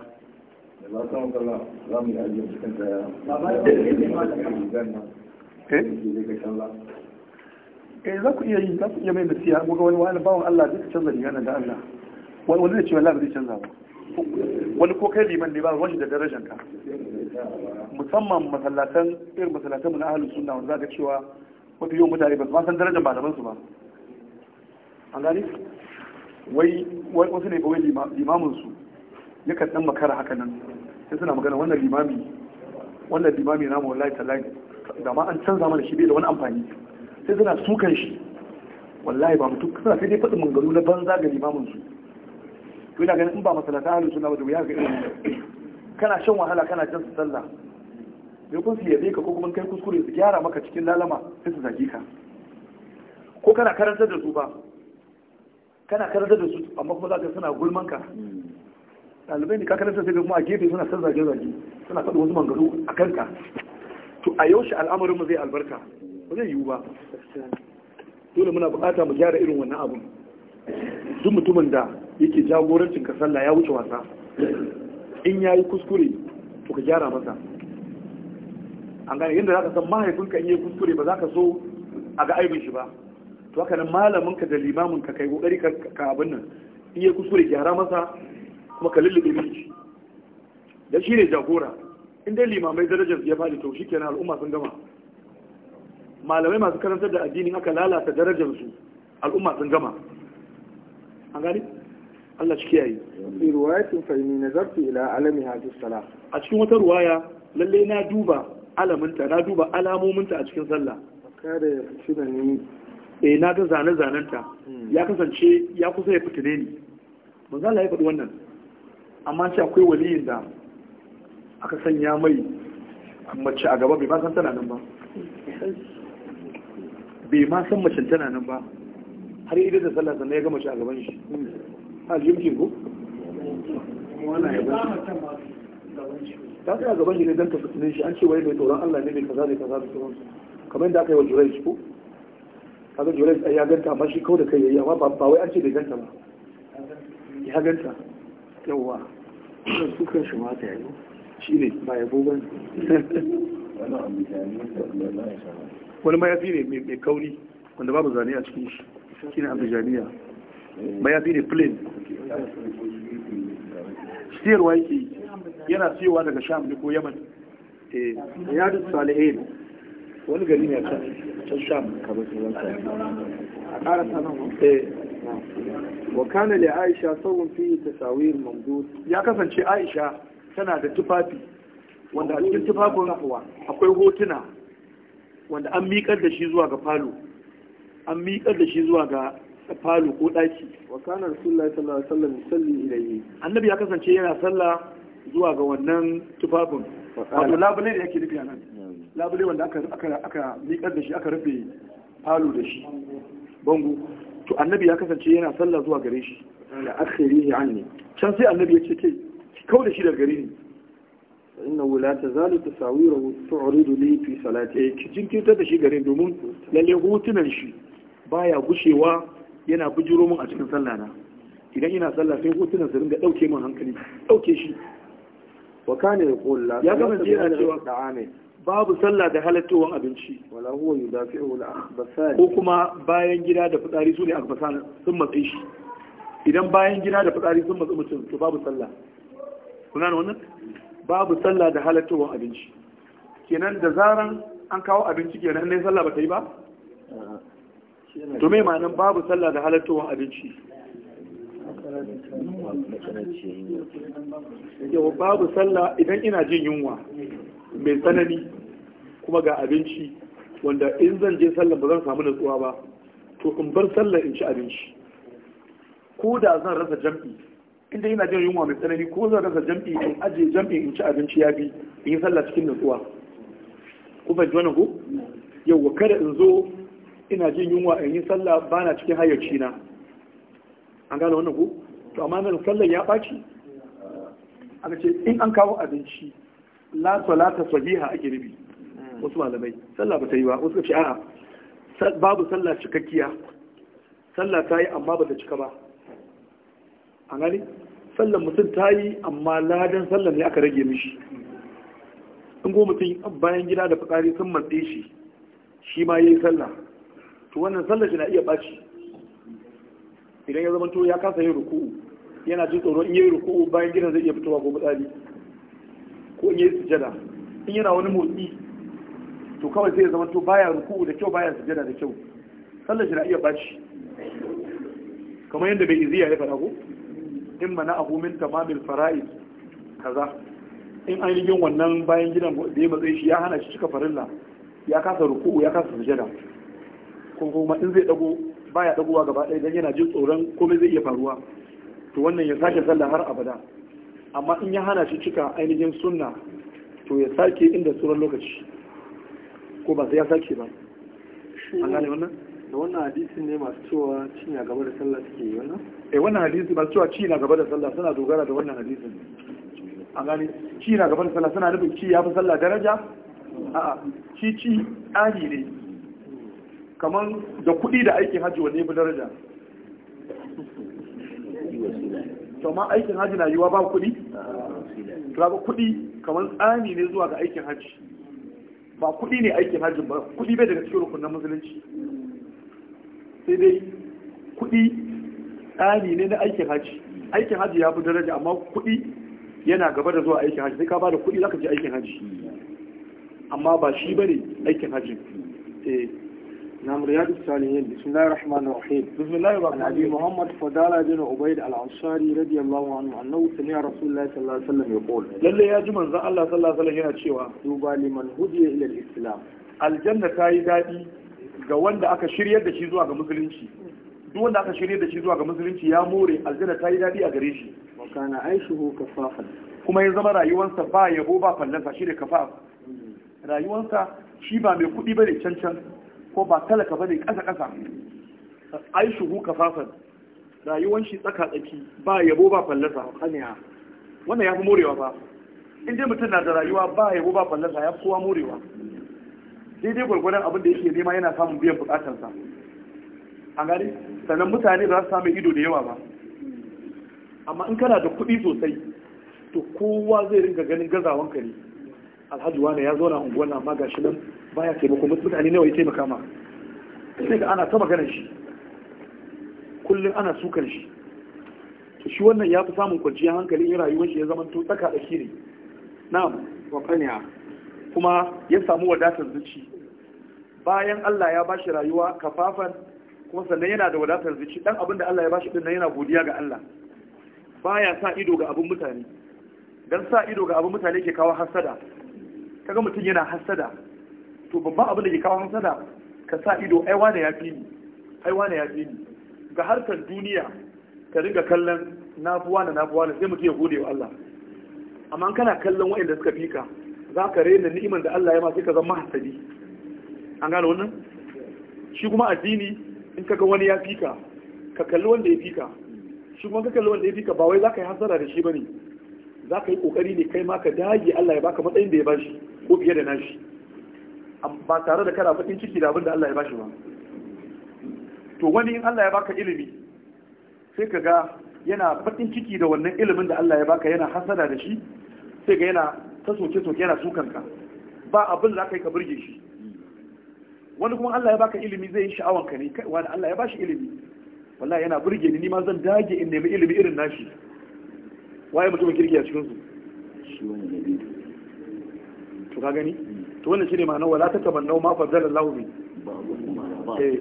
eh za ku iya yi za ku iya mai nasiha ko ga wani wani bawan Allah duk canza riga da Allah wani zai ce wallahi canza ba wani ko kai liman ne ba wani da darajar ka musamman masallatan irin masallatan mu na ahlus sunna wanda ka cewa mafi yawan mutane ba su ma san darajar malaman su ba an gani wai wasu ne ba wai limamin su yakan dan makara haka nan sai suna magana wannan limami wannan limami na mu wallahi tallahi da ma an canza mana shi bai da wani amfani sai suna sukan shi wallahi ba mutum suna sai dai faɗin mangaru na banza ga limamin su to ina ganin in ba masalata ahlus sunna ba to ya ga irin kana shan wahala kana jan su sallah bai kun siya zai ka ko kuma kai kuskure su gyara maka cikin lalama sai su zage ka ko kana karantar da su ba kana karantar da su amma kuma za ka suna gulman ka ɗalibai ne ka karanta sai kuma a gefe suna san zage zage suna faɗi wasu mangaru a kanka to a yaushe al'amarin mu zai albarka ba zai yiwu ba dole muna buƙata mu gyara irin wannan abun duk mutumin da yake jagorancin ka sallah ya wuce wasa in ya yi kuskure to ka gyara masa an gane yadda za ka san mahaifinka in yi kuskure ba za ka so a ga aibin shi ba to haka nan malamin ka da limamin ka kai kokari ka abin nan in yi kuskure gyara masa kuma ka lullube shi da shi ne jagora in dai limamai darajar ya fadi to shikenan al'umma sun gama malamai masu karantar da addinin aka lalata darajar su al'umma sun gama an gani Allah shi yayi. fi riwayatin fa inni nazartu ila alami hadis salah a cikin wata ruwaya lalle na duba alaminta na duba alamominta a cikin sallah kare da ni eh na ga zane zanenta hmm. ya kasance ya kusa ya fitine ni manzo Allah ya faɗi wannan amma shi akwai waliyin da aka sanya mai mace a gaba bai ma san tana nan ba bai ma san mace tana nan ba har idan da sallah sannan ya ga mace a gaban shi hmm. a jimkin ku ta tsaya gaban shi ne don ka shi an ce wai mai tsoron Allah ne mai kaza ne kaza da sauran kamar yadda aka yi wa Jurais ko kaga Jurais ya ganta amma shi kawai da kai yayi amma ba wai an ce bai ganta ba ya ganta yawwa su kan shi mata yayi shi ne ba ya ba wani mayafi ne mai kauri wanda babu zane a cikin shi abu jami'a. ba ya fi da plane siyarwa yake yana cewa daga sham ne ko yaman eh ya da salihin wani gari ne a can sham ka ba su wani a kara sanan eh, wa kana li aisha sawun fi tasawir mamdud ya kasance aisha tana da tufafi wanda a cikin tufafin akwai hotuna wanda an miƙar da shi zuwa ga falo an miƙar da shi zuwa ga falu ko daki wa kana rasulullahi sallallahu alaihi wasallam yusalli ilayhi annabi ya kasance yana sallah zuwa ga wannan tufafin wato labule da yake nufi a nan labule wanda aka aka aka miƙar da shi aka rufe falu da shi bango to annabi ya kasance yana sallah zuwa gare shi da akhirihi anni can sai annabi ya ce kai ki kau da shi daga gare ni inna la tazalu tasawiruhu tu'ridu li fi salati eh, ki jinkirta da shi gare domin lalle hutunan shi baya gushewa yana bujiro mun a cikin sallah na idan ina sallah sai hotunan su ringa dauke min hankali dauke shi wa kana yaqul la ya gama yana cewa babu sallah da halattowar abinci wala huwa yudafi'u la akhbasan ko kuma bayan gida da fitsari su ne akhbasan sun matsi shi idan bayan gida da fitsari sun matsi mutum to babu sallah kuna wannan babu sallah da halattowar abinci kenan da zaran an kawo abinci kenan ne sallah ba ta yi ba to ma'anin babu sallah da halattowar abinci yau babu sallah idan ina jin yunwa mai tsanani kuma ga abinci wanda in zan je sallah ba zan samu nutsuwa ba to in bar sallah in ci abinci ko da zan rasa jam'i inda ina jin yunwa mai tsanani ko zan rasa jam'i in aje jam'i in ci abinci ya bi in yi sallah cikin natsuwa ku fahimci wannan ko yau kada in zo ina jin yunwa in yi sallah ba na cikin hayyaci na an gane wannan ku to amma nan sallar ya ɓaci aka ce in an kawo abinci la salata sahiha ake nufi wasu malamai sallah ba ta yi ba wasu ce a'a babu sallah cikakkiya sallah ta yi amma ba ta cika ba a gani sallar mutum ta yi amma ladan sallar ne aka rage mishi in go mutum bayan gida da fitsari sun matse shi shi ma ya yi sallah to wannan sallar na iya ɓaci idan ya zamanto ya kasa yin ruku'u yana jin tsoro in yi ruku'u bayan gidan zai iya fitowa ko mutsari ko in yi sujada in yana wani motsi to kawai sai ya zamanto baya ruku'u da kyau baya sujada da kyau sallar na iya ɓaci kamar yadda bai iziya ya faɗa ko in mana abu min tamamil fara'id kaza in ainihin wannan bayan gidan da ya matsayi shi ya hana shi cika farilla ya kasa ruku'u ya kasa sujada ko kuma in zai dago baya dagowa gaba ɗaya dan yana jin tsoron komai zai iya faruwa to wannan ya sake sallah har abada amma in ya hana shi cika ainihin sunna to ya sake inda tsoron lokaci ko ba sai ya sake ba an gane wannan da wannan hadisi ne masu cewa ci na gaba da sallah suke yi wannan eh wannan hadisi masu cewa ci na gaba da sallah suna dogara da wannan hadisin an gane ci na gaba da sallah suna nufin ci ya fi sallah daraja a'a ci ci tsari ne kamar da kuɗi da aikin hajji wanne bi daraja to ma aikin hajji na yiwa ba kuɗi to ba kuɗi kamar tsani ne zuwa ga aikin hajji ba kuɗi ne aikin hajji ba kuɗi bai daga cikin rukunin musulunci sai dai kuɗi tsani ne na aikin hajji aikin hajji ya fi daraja amma kuɗi yana gaba da zuwa aikin hajji sai ka ba da kuɗi zaka je aikin hajji amma ba shi bane aikin hajji eh نعم رياض الصالحين بسم الله الرحمن الرحيم بسم الله الرحمن الرحيم أبي محمد فضالة بن عبيد الأنصاري رضي الله عنه أنه سمع رسول الله صلى الله عليه وسلم يقول للي يا جمن ذا الله صلى الله عليه وسلم هنا تشيوا لمن هدي إلى الإسلام الجنة تاي دادي ga wanda aka shiryar da shi zuwa ga musulunci duk wanda aka shiryar da shi zuwa ga musulunci ya more aljanna ta yi daɗi a gare shi wa kana aishuhu kafafan kuma ya zama rayuwarsa ba yabo ba fallasa shi kafaf Rayuwansa shi ba mai kuɗi bane cancan ko ba talaka bane ƙasa ƙasa aishuhu kafafan rayuwan shi tsaka tsaki ba yabo ba fallasa hanya wannan ya fi morewa ba in dai mutum na da rayuwa ba yabo ba fallasa ya fi kowa morewa daidai gwargwadon abin da yake nema yana samun biyan bukatarsa a gari sannan mutane ba za su samu ido da yawa ba amma in kana da kuɗi sosai to kowa zai ringa ganin gazawan ka ne alhaji wani ya zauna unguwar na amma gashi nan baya taimako mutane nawa ya taimaka ma sai da ana ta maganar shi kullum ana sukar shi to shi wannan ya fi samun kwanciyar hankali in rayuwar shi ya zama to tsaka da shiri na'am wa kanya kuma ya samu wadatar zuci bayan Allah ya bashi rayuwa kafafan kuma sannan yana da wadatar zuci dan abin da Allah ya bashi din nan yana godiya ga Allah baya sa ido ga abin mutane dan sa ido ga abin mutane ke kawo hasada kaga mutum yana hasada to babban abin da ke kawo hasada ka sa ido aiwa da ya fi ni aiwa da ya fi ni ga harkar duniya ka riga kallon nafuwa da nafuwa da sai mutum ya gode wa Allah amma kana kallon waɗanda suka fi ka za ka raina ni'imar da Allah ya ma sai ka zama hasadi an gane wannan shi kuma addini in ka ga wani ya fi ka ka kalli wanda ya fi ka shi kuma ka kalli wanda ya fi ka ba wai za ka yi hasara da shi ba ne za ka yi ƙoƙari ne kai ma ka dage Allah ya baka matsayin da ya bashi ko fiye da nashi ba tare da kana bakin ciki da abin da Allah ya bashi ba to wani in Allah ya baka ilimi sai ka ga yana bakin ciki da wannan ilimin da Allah ya baka yana hasada da shi sai ga yana ta soke soke yana sukan ka ba abin da kai ka burge shi wani kuma Allah ya baka ilimi zai yi sha'awan ka ne wani Allah ya bashi ilimi wallahi yana burge ni ni ma zan dage in nemi ilimi irin nashi waye mutumin kirki a cikin su shi wani ne to ka gani to wannan shine ma'ana wala ta nau ma faddala Allahu bi eh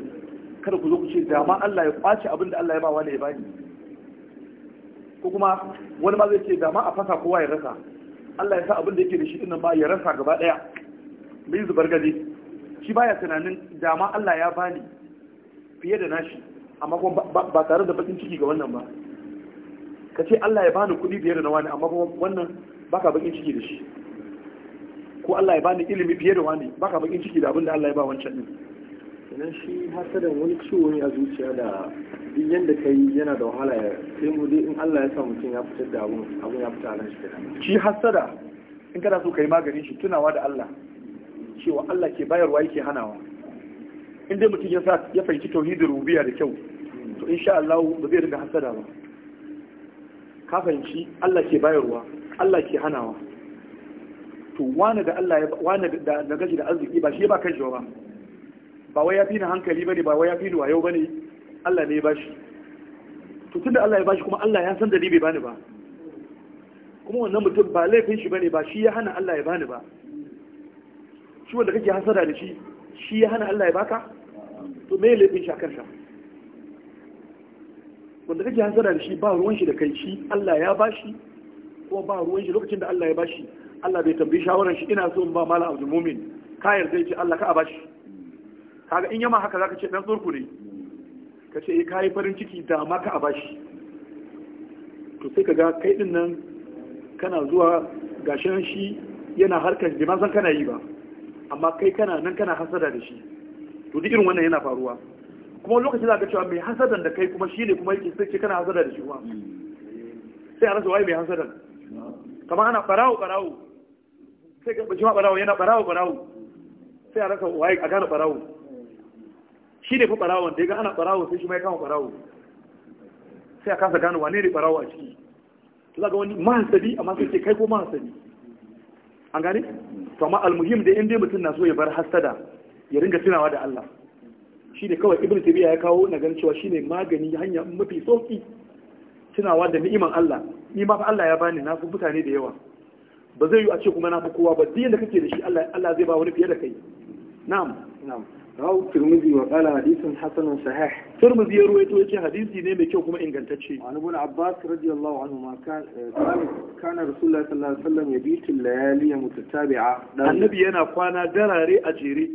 kada ku zo ku ce da ma Allah ya kwace abin da Allah ya ba wani ya bani ko kuma wani ma zai ce da ma a fasa kowa ya rasa Allah ya sa abin da yake da shi din nan ba ya rasa gaba daya mai zubar gaje shi baya tunanin da ma Allah ya bani fiye da nashi amma kuma ba tare da bakin ciki ga wannan ba ka ce Allah ya bani kuɗi biyar da na wani amma kuma wannan baka bakin ciki da shi ko Allah ya bani ilimi fiye da wani baka bakin ciki da abin da Allah ya ba wancan ne. sannan shi hasadan wani ciwon ya zuciya da duk yanda kai yana da wahala ya sai mu dai in Allah ya sa mutum ya fitar da abun abun ya fita nan shi kenan shi hasada in kana so kai maganin shi tunawa da Allah cewa Allah ke bayarwa yake hanawa in dai mutum ya sa ya fahimci tauhidin rubiya da kyau to insha Allah ba zai riga hasada ba ka fahimci Allah ke bayarwa Allah ke hanawa to wani da Allah wani da da gaji da arziki ba shi ba kan shi ba ba wai ya fi ni hankali bane ba wai ya fi ni wayo bane Allah ne ya bashi to tunda Allah ya bashi kuma Allah ya san da ni bai bani ba kuma wannan mutum ba laifin shi bane ba shi ya hana Allah ya bani ba shi wanda kake hasara da shi shi ya hana Allah ya baka to me laifin shi a kansa wanda kake hasara da shi ba ruwan shi da kai shi Allah ya bashi kuma ba ruwan shi lokacin da Allah ya bashi Allah bai tambayi shawaran shi ina so in ba malam Abdul Mumin ka yarda yake Allah ka a bashi kaga in yama haka zaka ce dan tsurku ne ka ce eh, ka yi farin ciki da ma ka a bashi to sai kaga kai din nan kana zuwa gashin shi yana harkar jiman san kana yi ba amma kai kana nan kana hasada da shi to duk irin wannan yana faruwa kuma lokacin zaka ka cewa mai hasadan da kai kuma shi ne kuma yake sai kana hasada da shi kuma hmm. sai a rasa waye mai hasadan kamar ana farawo farawo sai ga ma barawo yana barawo barawo sai a rasa waye a gane barawo shi ne fi barawon da ya ga ana barawo sai shi mai kama barawo sai a kasa gane wane ne barawo a ciki to zaga wani mahasadi amma sai ce kai ko mahasadi an gane to amma almuhim da inda mutum na so ya bar hasada ya ringa tunawa da Allah shi ne kawai ibn tabiya ya kawo na gan cewa shi ne magani hanya mafi sauki tunawa da ni'iman Allah ni ma fa Allah ya bani na fi mutane da yawa ba zai yi a ce kuma na fi kowa ba duk da kake da shi Allah zai ba wani fiye da kai na'am na'am rawu tirmidhi wa qala hadithun hasanun sahih tirmidhi ya ruwaito yace hadisi ne mai kyau kuma ingantacce an ibn abbas radiyallahu anhu ma kan eh, kana rasulullahi sallallahu alaihi wasallam yabitu layali mutatabi'a annabi yana kwana darare a jere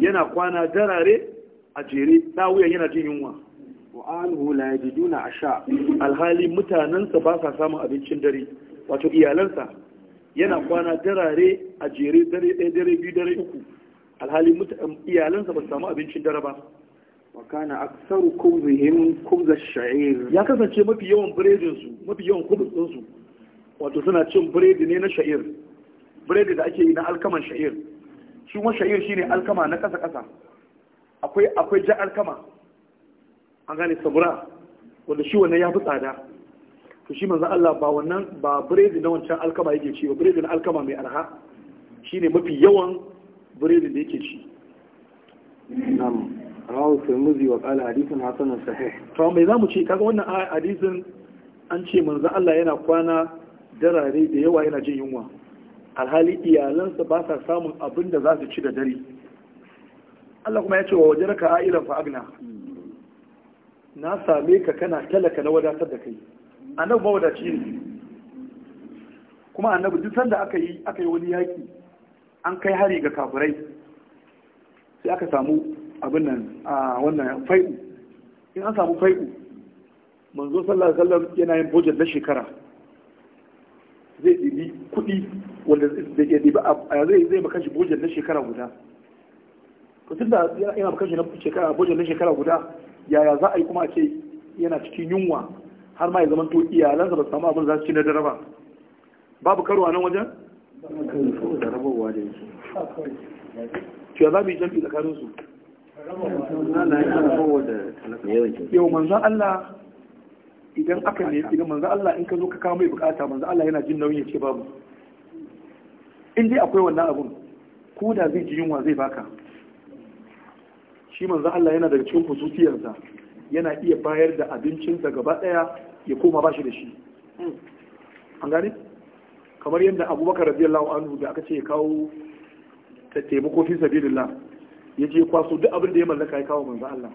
yana kwana darare a jere dawuyan yana jin yunwa wa anhu la yajiduna asha alhali mutanansa ba sa samun abincin dare wato iyalansa yana kwana darare a jere dare ɗaya dare biyu dare uku alhali um, iyalansa ba su samu abincin dare ba wa kana aksaru kumzihim kumza sha'ir ya kasance mafi yawan biredin su mafi yawan kubutsin su wato suna cin biredi ne na sha'ir biredi da ake yi na alkaman sha'ir shi kuma sha'ir shine alkama na kasa kasa akwai akwai ja alkama an gane sabura wanda shi wannan ya fi tsada to shi manzo Allah ba wannan ba biredi na wancan alkama yake ci ba biredi na alkama mai arha shine mafi yawan biredin da yake ci na'am rawu firmuzi wa qala hadithun hasanun sahih to mai zamu ce kaga wannan hadisin an ce manzo Allah yana kwana darare da yawa yana jin yunwa alhali iyalansa ba sa samun abin da za su ci da dare Allah kuma ya ce wa wajarka a'ilan fa'agna na same ka kana talaka na wadatar da kai annabi mawadaci ne kuma annabi duk sanda aka yi aka yi wani yaki an kai hari ga kafirai sai aka samu abin nan a wannan fai'u in an samu fai'u manzo sallallahu alaihi wasallam yana yin budget na shekara zai ɗibi kuɗi wanda zai iya a zai zai maka shi budget na shekara guda to tunda yana maka shi na shekara budget na shekara guda yaya za a yi kuma a ce yana cikin yunwa har ma ya zama to iyalansa ba su samu abin da za su ci na dare ba babu karo a nan wajen Ya za mu yi jamfi tsakanin su yau manzan Allah idan aka ne idan manzan Allah in ka zo ka kama mai bukata manzan Allah yana jin nauyin ce babu in dai akwai wannan abun ko da zai ji yunwa zai baka shi manzan Allah yana daga cikin hususiyarsa yana iya bayar da abincinsa gaba ɗaya ya koma ba shi da shi an gane kamar yadda abubakar radiyallahu anhu da aka ce ya kawo taimako fi sabilillah ya je kwaso duk abin da ya mallaka ya kawo manzo Allah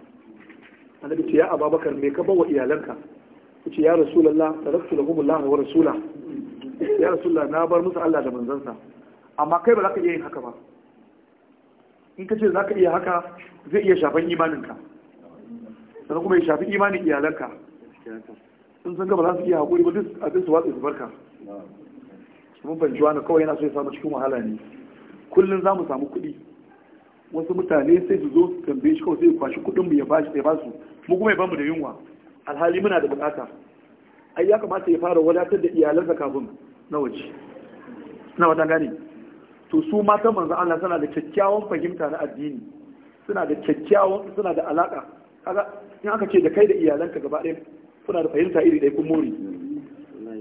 annabi ce ya ababakar me ka bawa iyalanka ce ya rasulullah taraktu lahum Allah wa rasula ya rasulullah na bar musu Allah da manzansa amma kai ba za ka iya yin haka ba in ka ce za ka iya haka zai iya shafan imaninka sannan kuma ya shafi imanin iyalanka sun san gaba za su iya haƙuri ba duk abin su watsa su barka mun fahimci wani kawai yana so ya samu cikin wahala ne kullum za mu samu kuɗi wasu mutane sai su zo su tambaye shi kawai sai su kwashi kuɗin mu ya ba shi ya ba su mu kuma ya ba mu da yunwa alhali muna da buƙata ai ya kamata ya fara wadatar da iyalansa kafin na waje na wata gane to su matan manzo Allah suna da kyakkyawan fahimta na addini suna da kyakkyawan suna da alaka kaga in aka ce da kai da iyalanka gaba ɗaya kuna da fahimta iri ɗaya kun more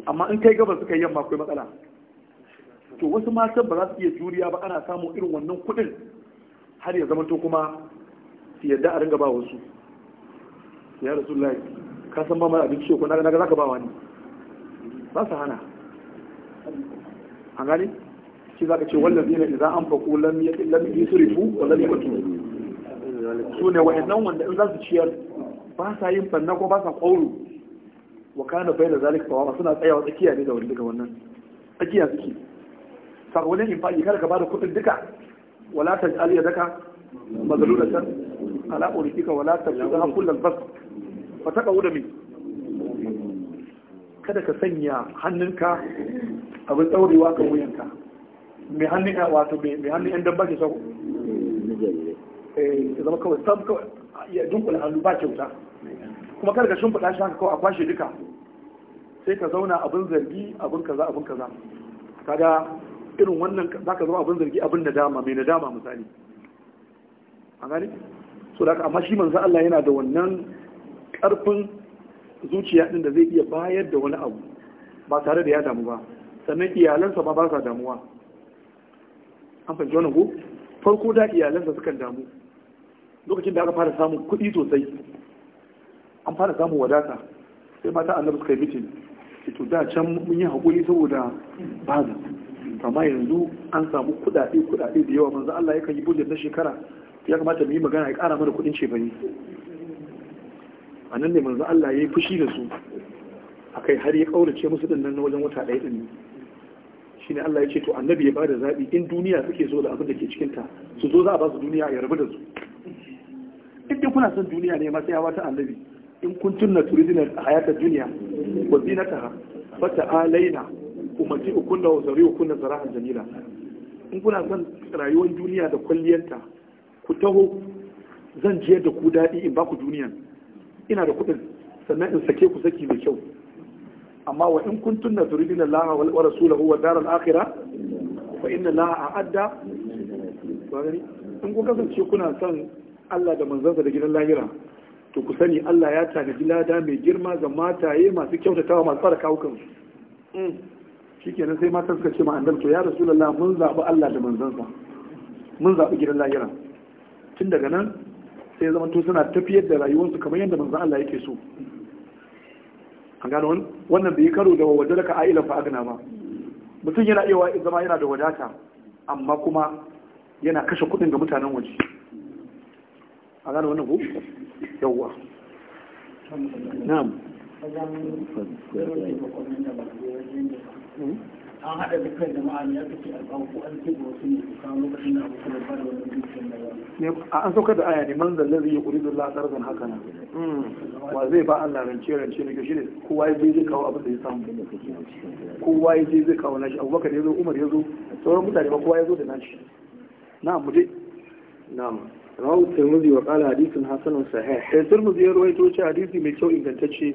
amma in kai gaba suka yi yamma akwai matsala to wasu matan ba za su iya juriya ba ana samun irin wannan kuɗin har ya zama to kuma su yadda a ringa ba wasu ya rasu lai ka san ba mara abinci ko ga za zaka ba wani ba su hana an gani shi ka ce wallazi ne idan an faku lam yusrifu wa lam yaqtu su ne wa'annan wanda in za su ciyar ba sa yin banna ko ba sa ƙoro wa kana bai da zalika ba tawama suna tsayawa tsakiya ne da wani daga wannan tsakiya suke yin infaki kada ka ba da kuɗin duka wala ta ali ya daka mazalulatan ala urifika wala ta shudha kullal bas fa ta da mai kada ka sanya hannunka abin tsaurewa kan wuyanka mai hannun wato mai hannun yan dabba ke sako ta zama kawai sam kawai ya dunkula hannu ba kyauta kuma kada ka shimfiɗa shi haka kawai a kwashe duka sai ka zauna abin zargi abin kaza abin kaza kaga irin wannan za ka zama abin zargi abin da dama mai nadama misali a gani so da amma shi manzo Allah yana da wannan karfin zuciya din da zai iya bayar da wani abu ba tare da ya damu ba sannan iyalansa ma ba sa damuwa an fahimci wannan ko farko da iyalansa sukan damu lokacin da aka fara samun kuɗi sosai an fara samun wadata sai mata annabi suka yi mitin ito da can mun yi haƙuri saboda da amma yanzu an samu kuɗaɗe kuɗaɗe da yawa manzo Allah ya yi budget na shekara ya kamata mu yi magana ya ƙara mana kuɗin cefane a nan ne manzo Allah ya yi fushi da su akai har ya kaurace musu din nan wajen wata ɗaya din shine Allah ya ce to annabi ya bada zaɓi in duniya suke so da abin da ke cikinta su zo za a ba su duniya ya rabu da su duk kuna son duniya ne ma sai ya wata annabi in kun tunna turidin hayatar duniya wa zinataha fata alaina umarci ukun da wasari ukun zara sarahan jamila in kuna son rayuwar duniya da kwalliyanta ku taho zan je da ku daɗi in ba ku duniyan ina da kuɗin sannan in sake ku saki mai kyau amma wa in kun tunna turidin Allah wa rasulahu wa daral akhirah fa inna Allah a'adda in kun kasance kuna son Allah da manzansa da gidan lahira to ku sani Allah ya tanadi lada mai girma ga mataye masu kyautatawa masu fara kawo kansu mm. shikenan sai matan suka ce ma to ya rasulullah mun zaɓi Allah da manzansa mun zaɓi gidan lahira tun daga nan sai zama to suna tafiyar da rayuwarsu kamar yadda manzan Allah yake so A gano wannan bai karo da wadda da ka a'ilan fa ba mutum yana iya zama yana da wadata amma kuma yana kashe kuɗin ga mutanen waje a wannan ko yawwa na'am hmm? an haɗa da an saukar da aya ne man zai yi kuri da haka na. Hmm. wa zai ba Allah rance rance ne shi ne kowa ya zai kawo abin da ya samu kowa ya zai kawo nashi abubakar ya zo umar ya zo sauran mutane ba kowa ya zo da nashi na'am mu na na'am rawu tirmidhi wa qala hadithun hasanun sahih sai eh, tirmidhi ya rawaito ce hadisi mai kyau ingantacce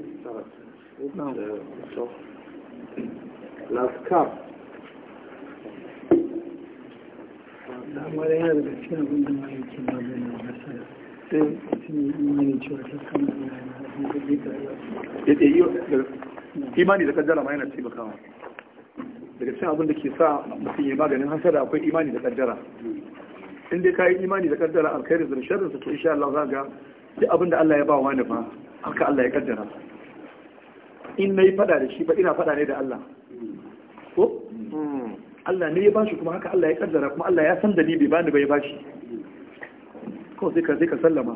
da imani da kaddara ma yana taimakawa daga cikin abin da ke sa mutum yi maganin hasara akwai imani da kaddara in dai kayi imani da kaddara alkhairin da sharri sa to insha Allah za ga duk abin da Allah ya ba wani fa haka Allah ya kaddara in nayi fada da shi ba ina fada ne da Allah ko Allah ne ya bashi kuma haka Allah ya kaddara kuma Allah ya san da ni bai bani ba ya bashi kawai sai ka sai ka sallama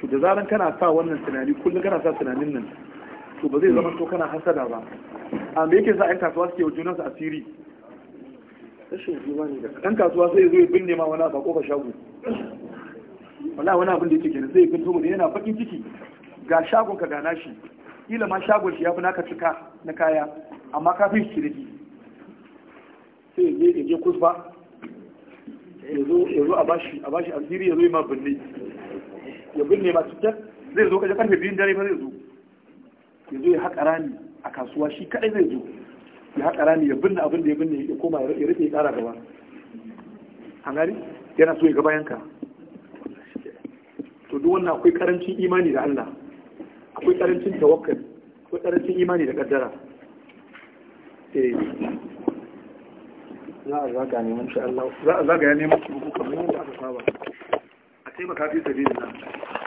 to da zaran kana sa wannan tunani kullum kana sa tunanin nan to ba zai zama to kana hasada ba amma yake sa 'yan kasuwa suke wa junansu asiri rashin da kasuwa sai zai binne ma wani abu kofar shago wallahi wani abin da yake kenan sai bin saboda yana fakin ciki ga shagon ka ga nashi kila ma shagon shi yafi naka cika na kaya amma ka fi ciniki sai ya je ya je kusba ya zo a bashi a bashi asiri ya zo ma binne ya binne ma cikin zai zo kaje karfe biyun dare fa zai zo ya zo ya haƙa rami a kasuwa shi kadai zai zo ya haƙa rami ya binne abin da ya binne ya koma ya rufe ya ƙara gaba an gari yana so ya ga bayanka to duk wannan akwai karancin imani da Allah akwai karancin tawakkal akwai karancin imani da kaddara eh za a zaga neman insha Allah za a zaga ya neman su kamar yadda aka saba a taimaka fi sabilillah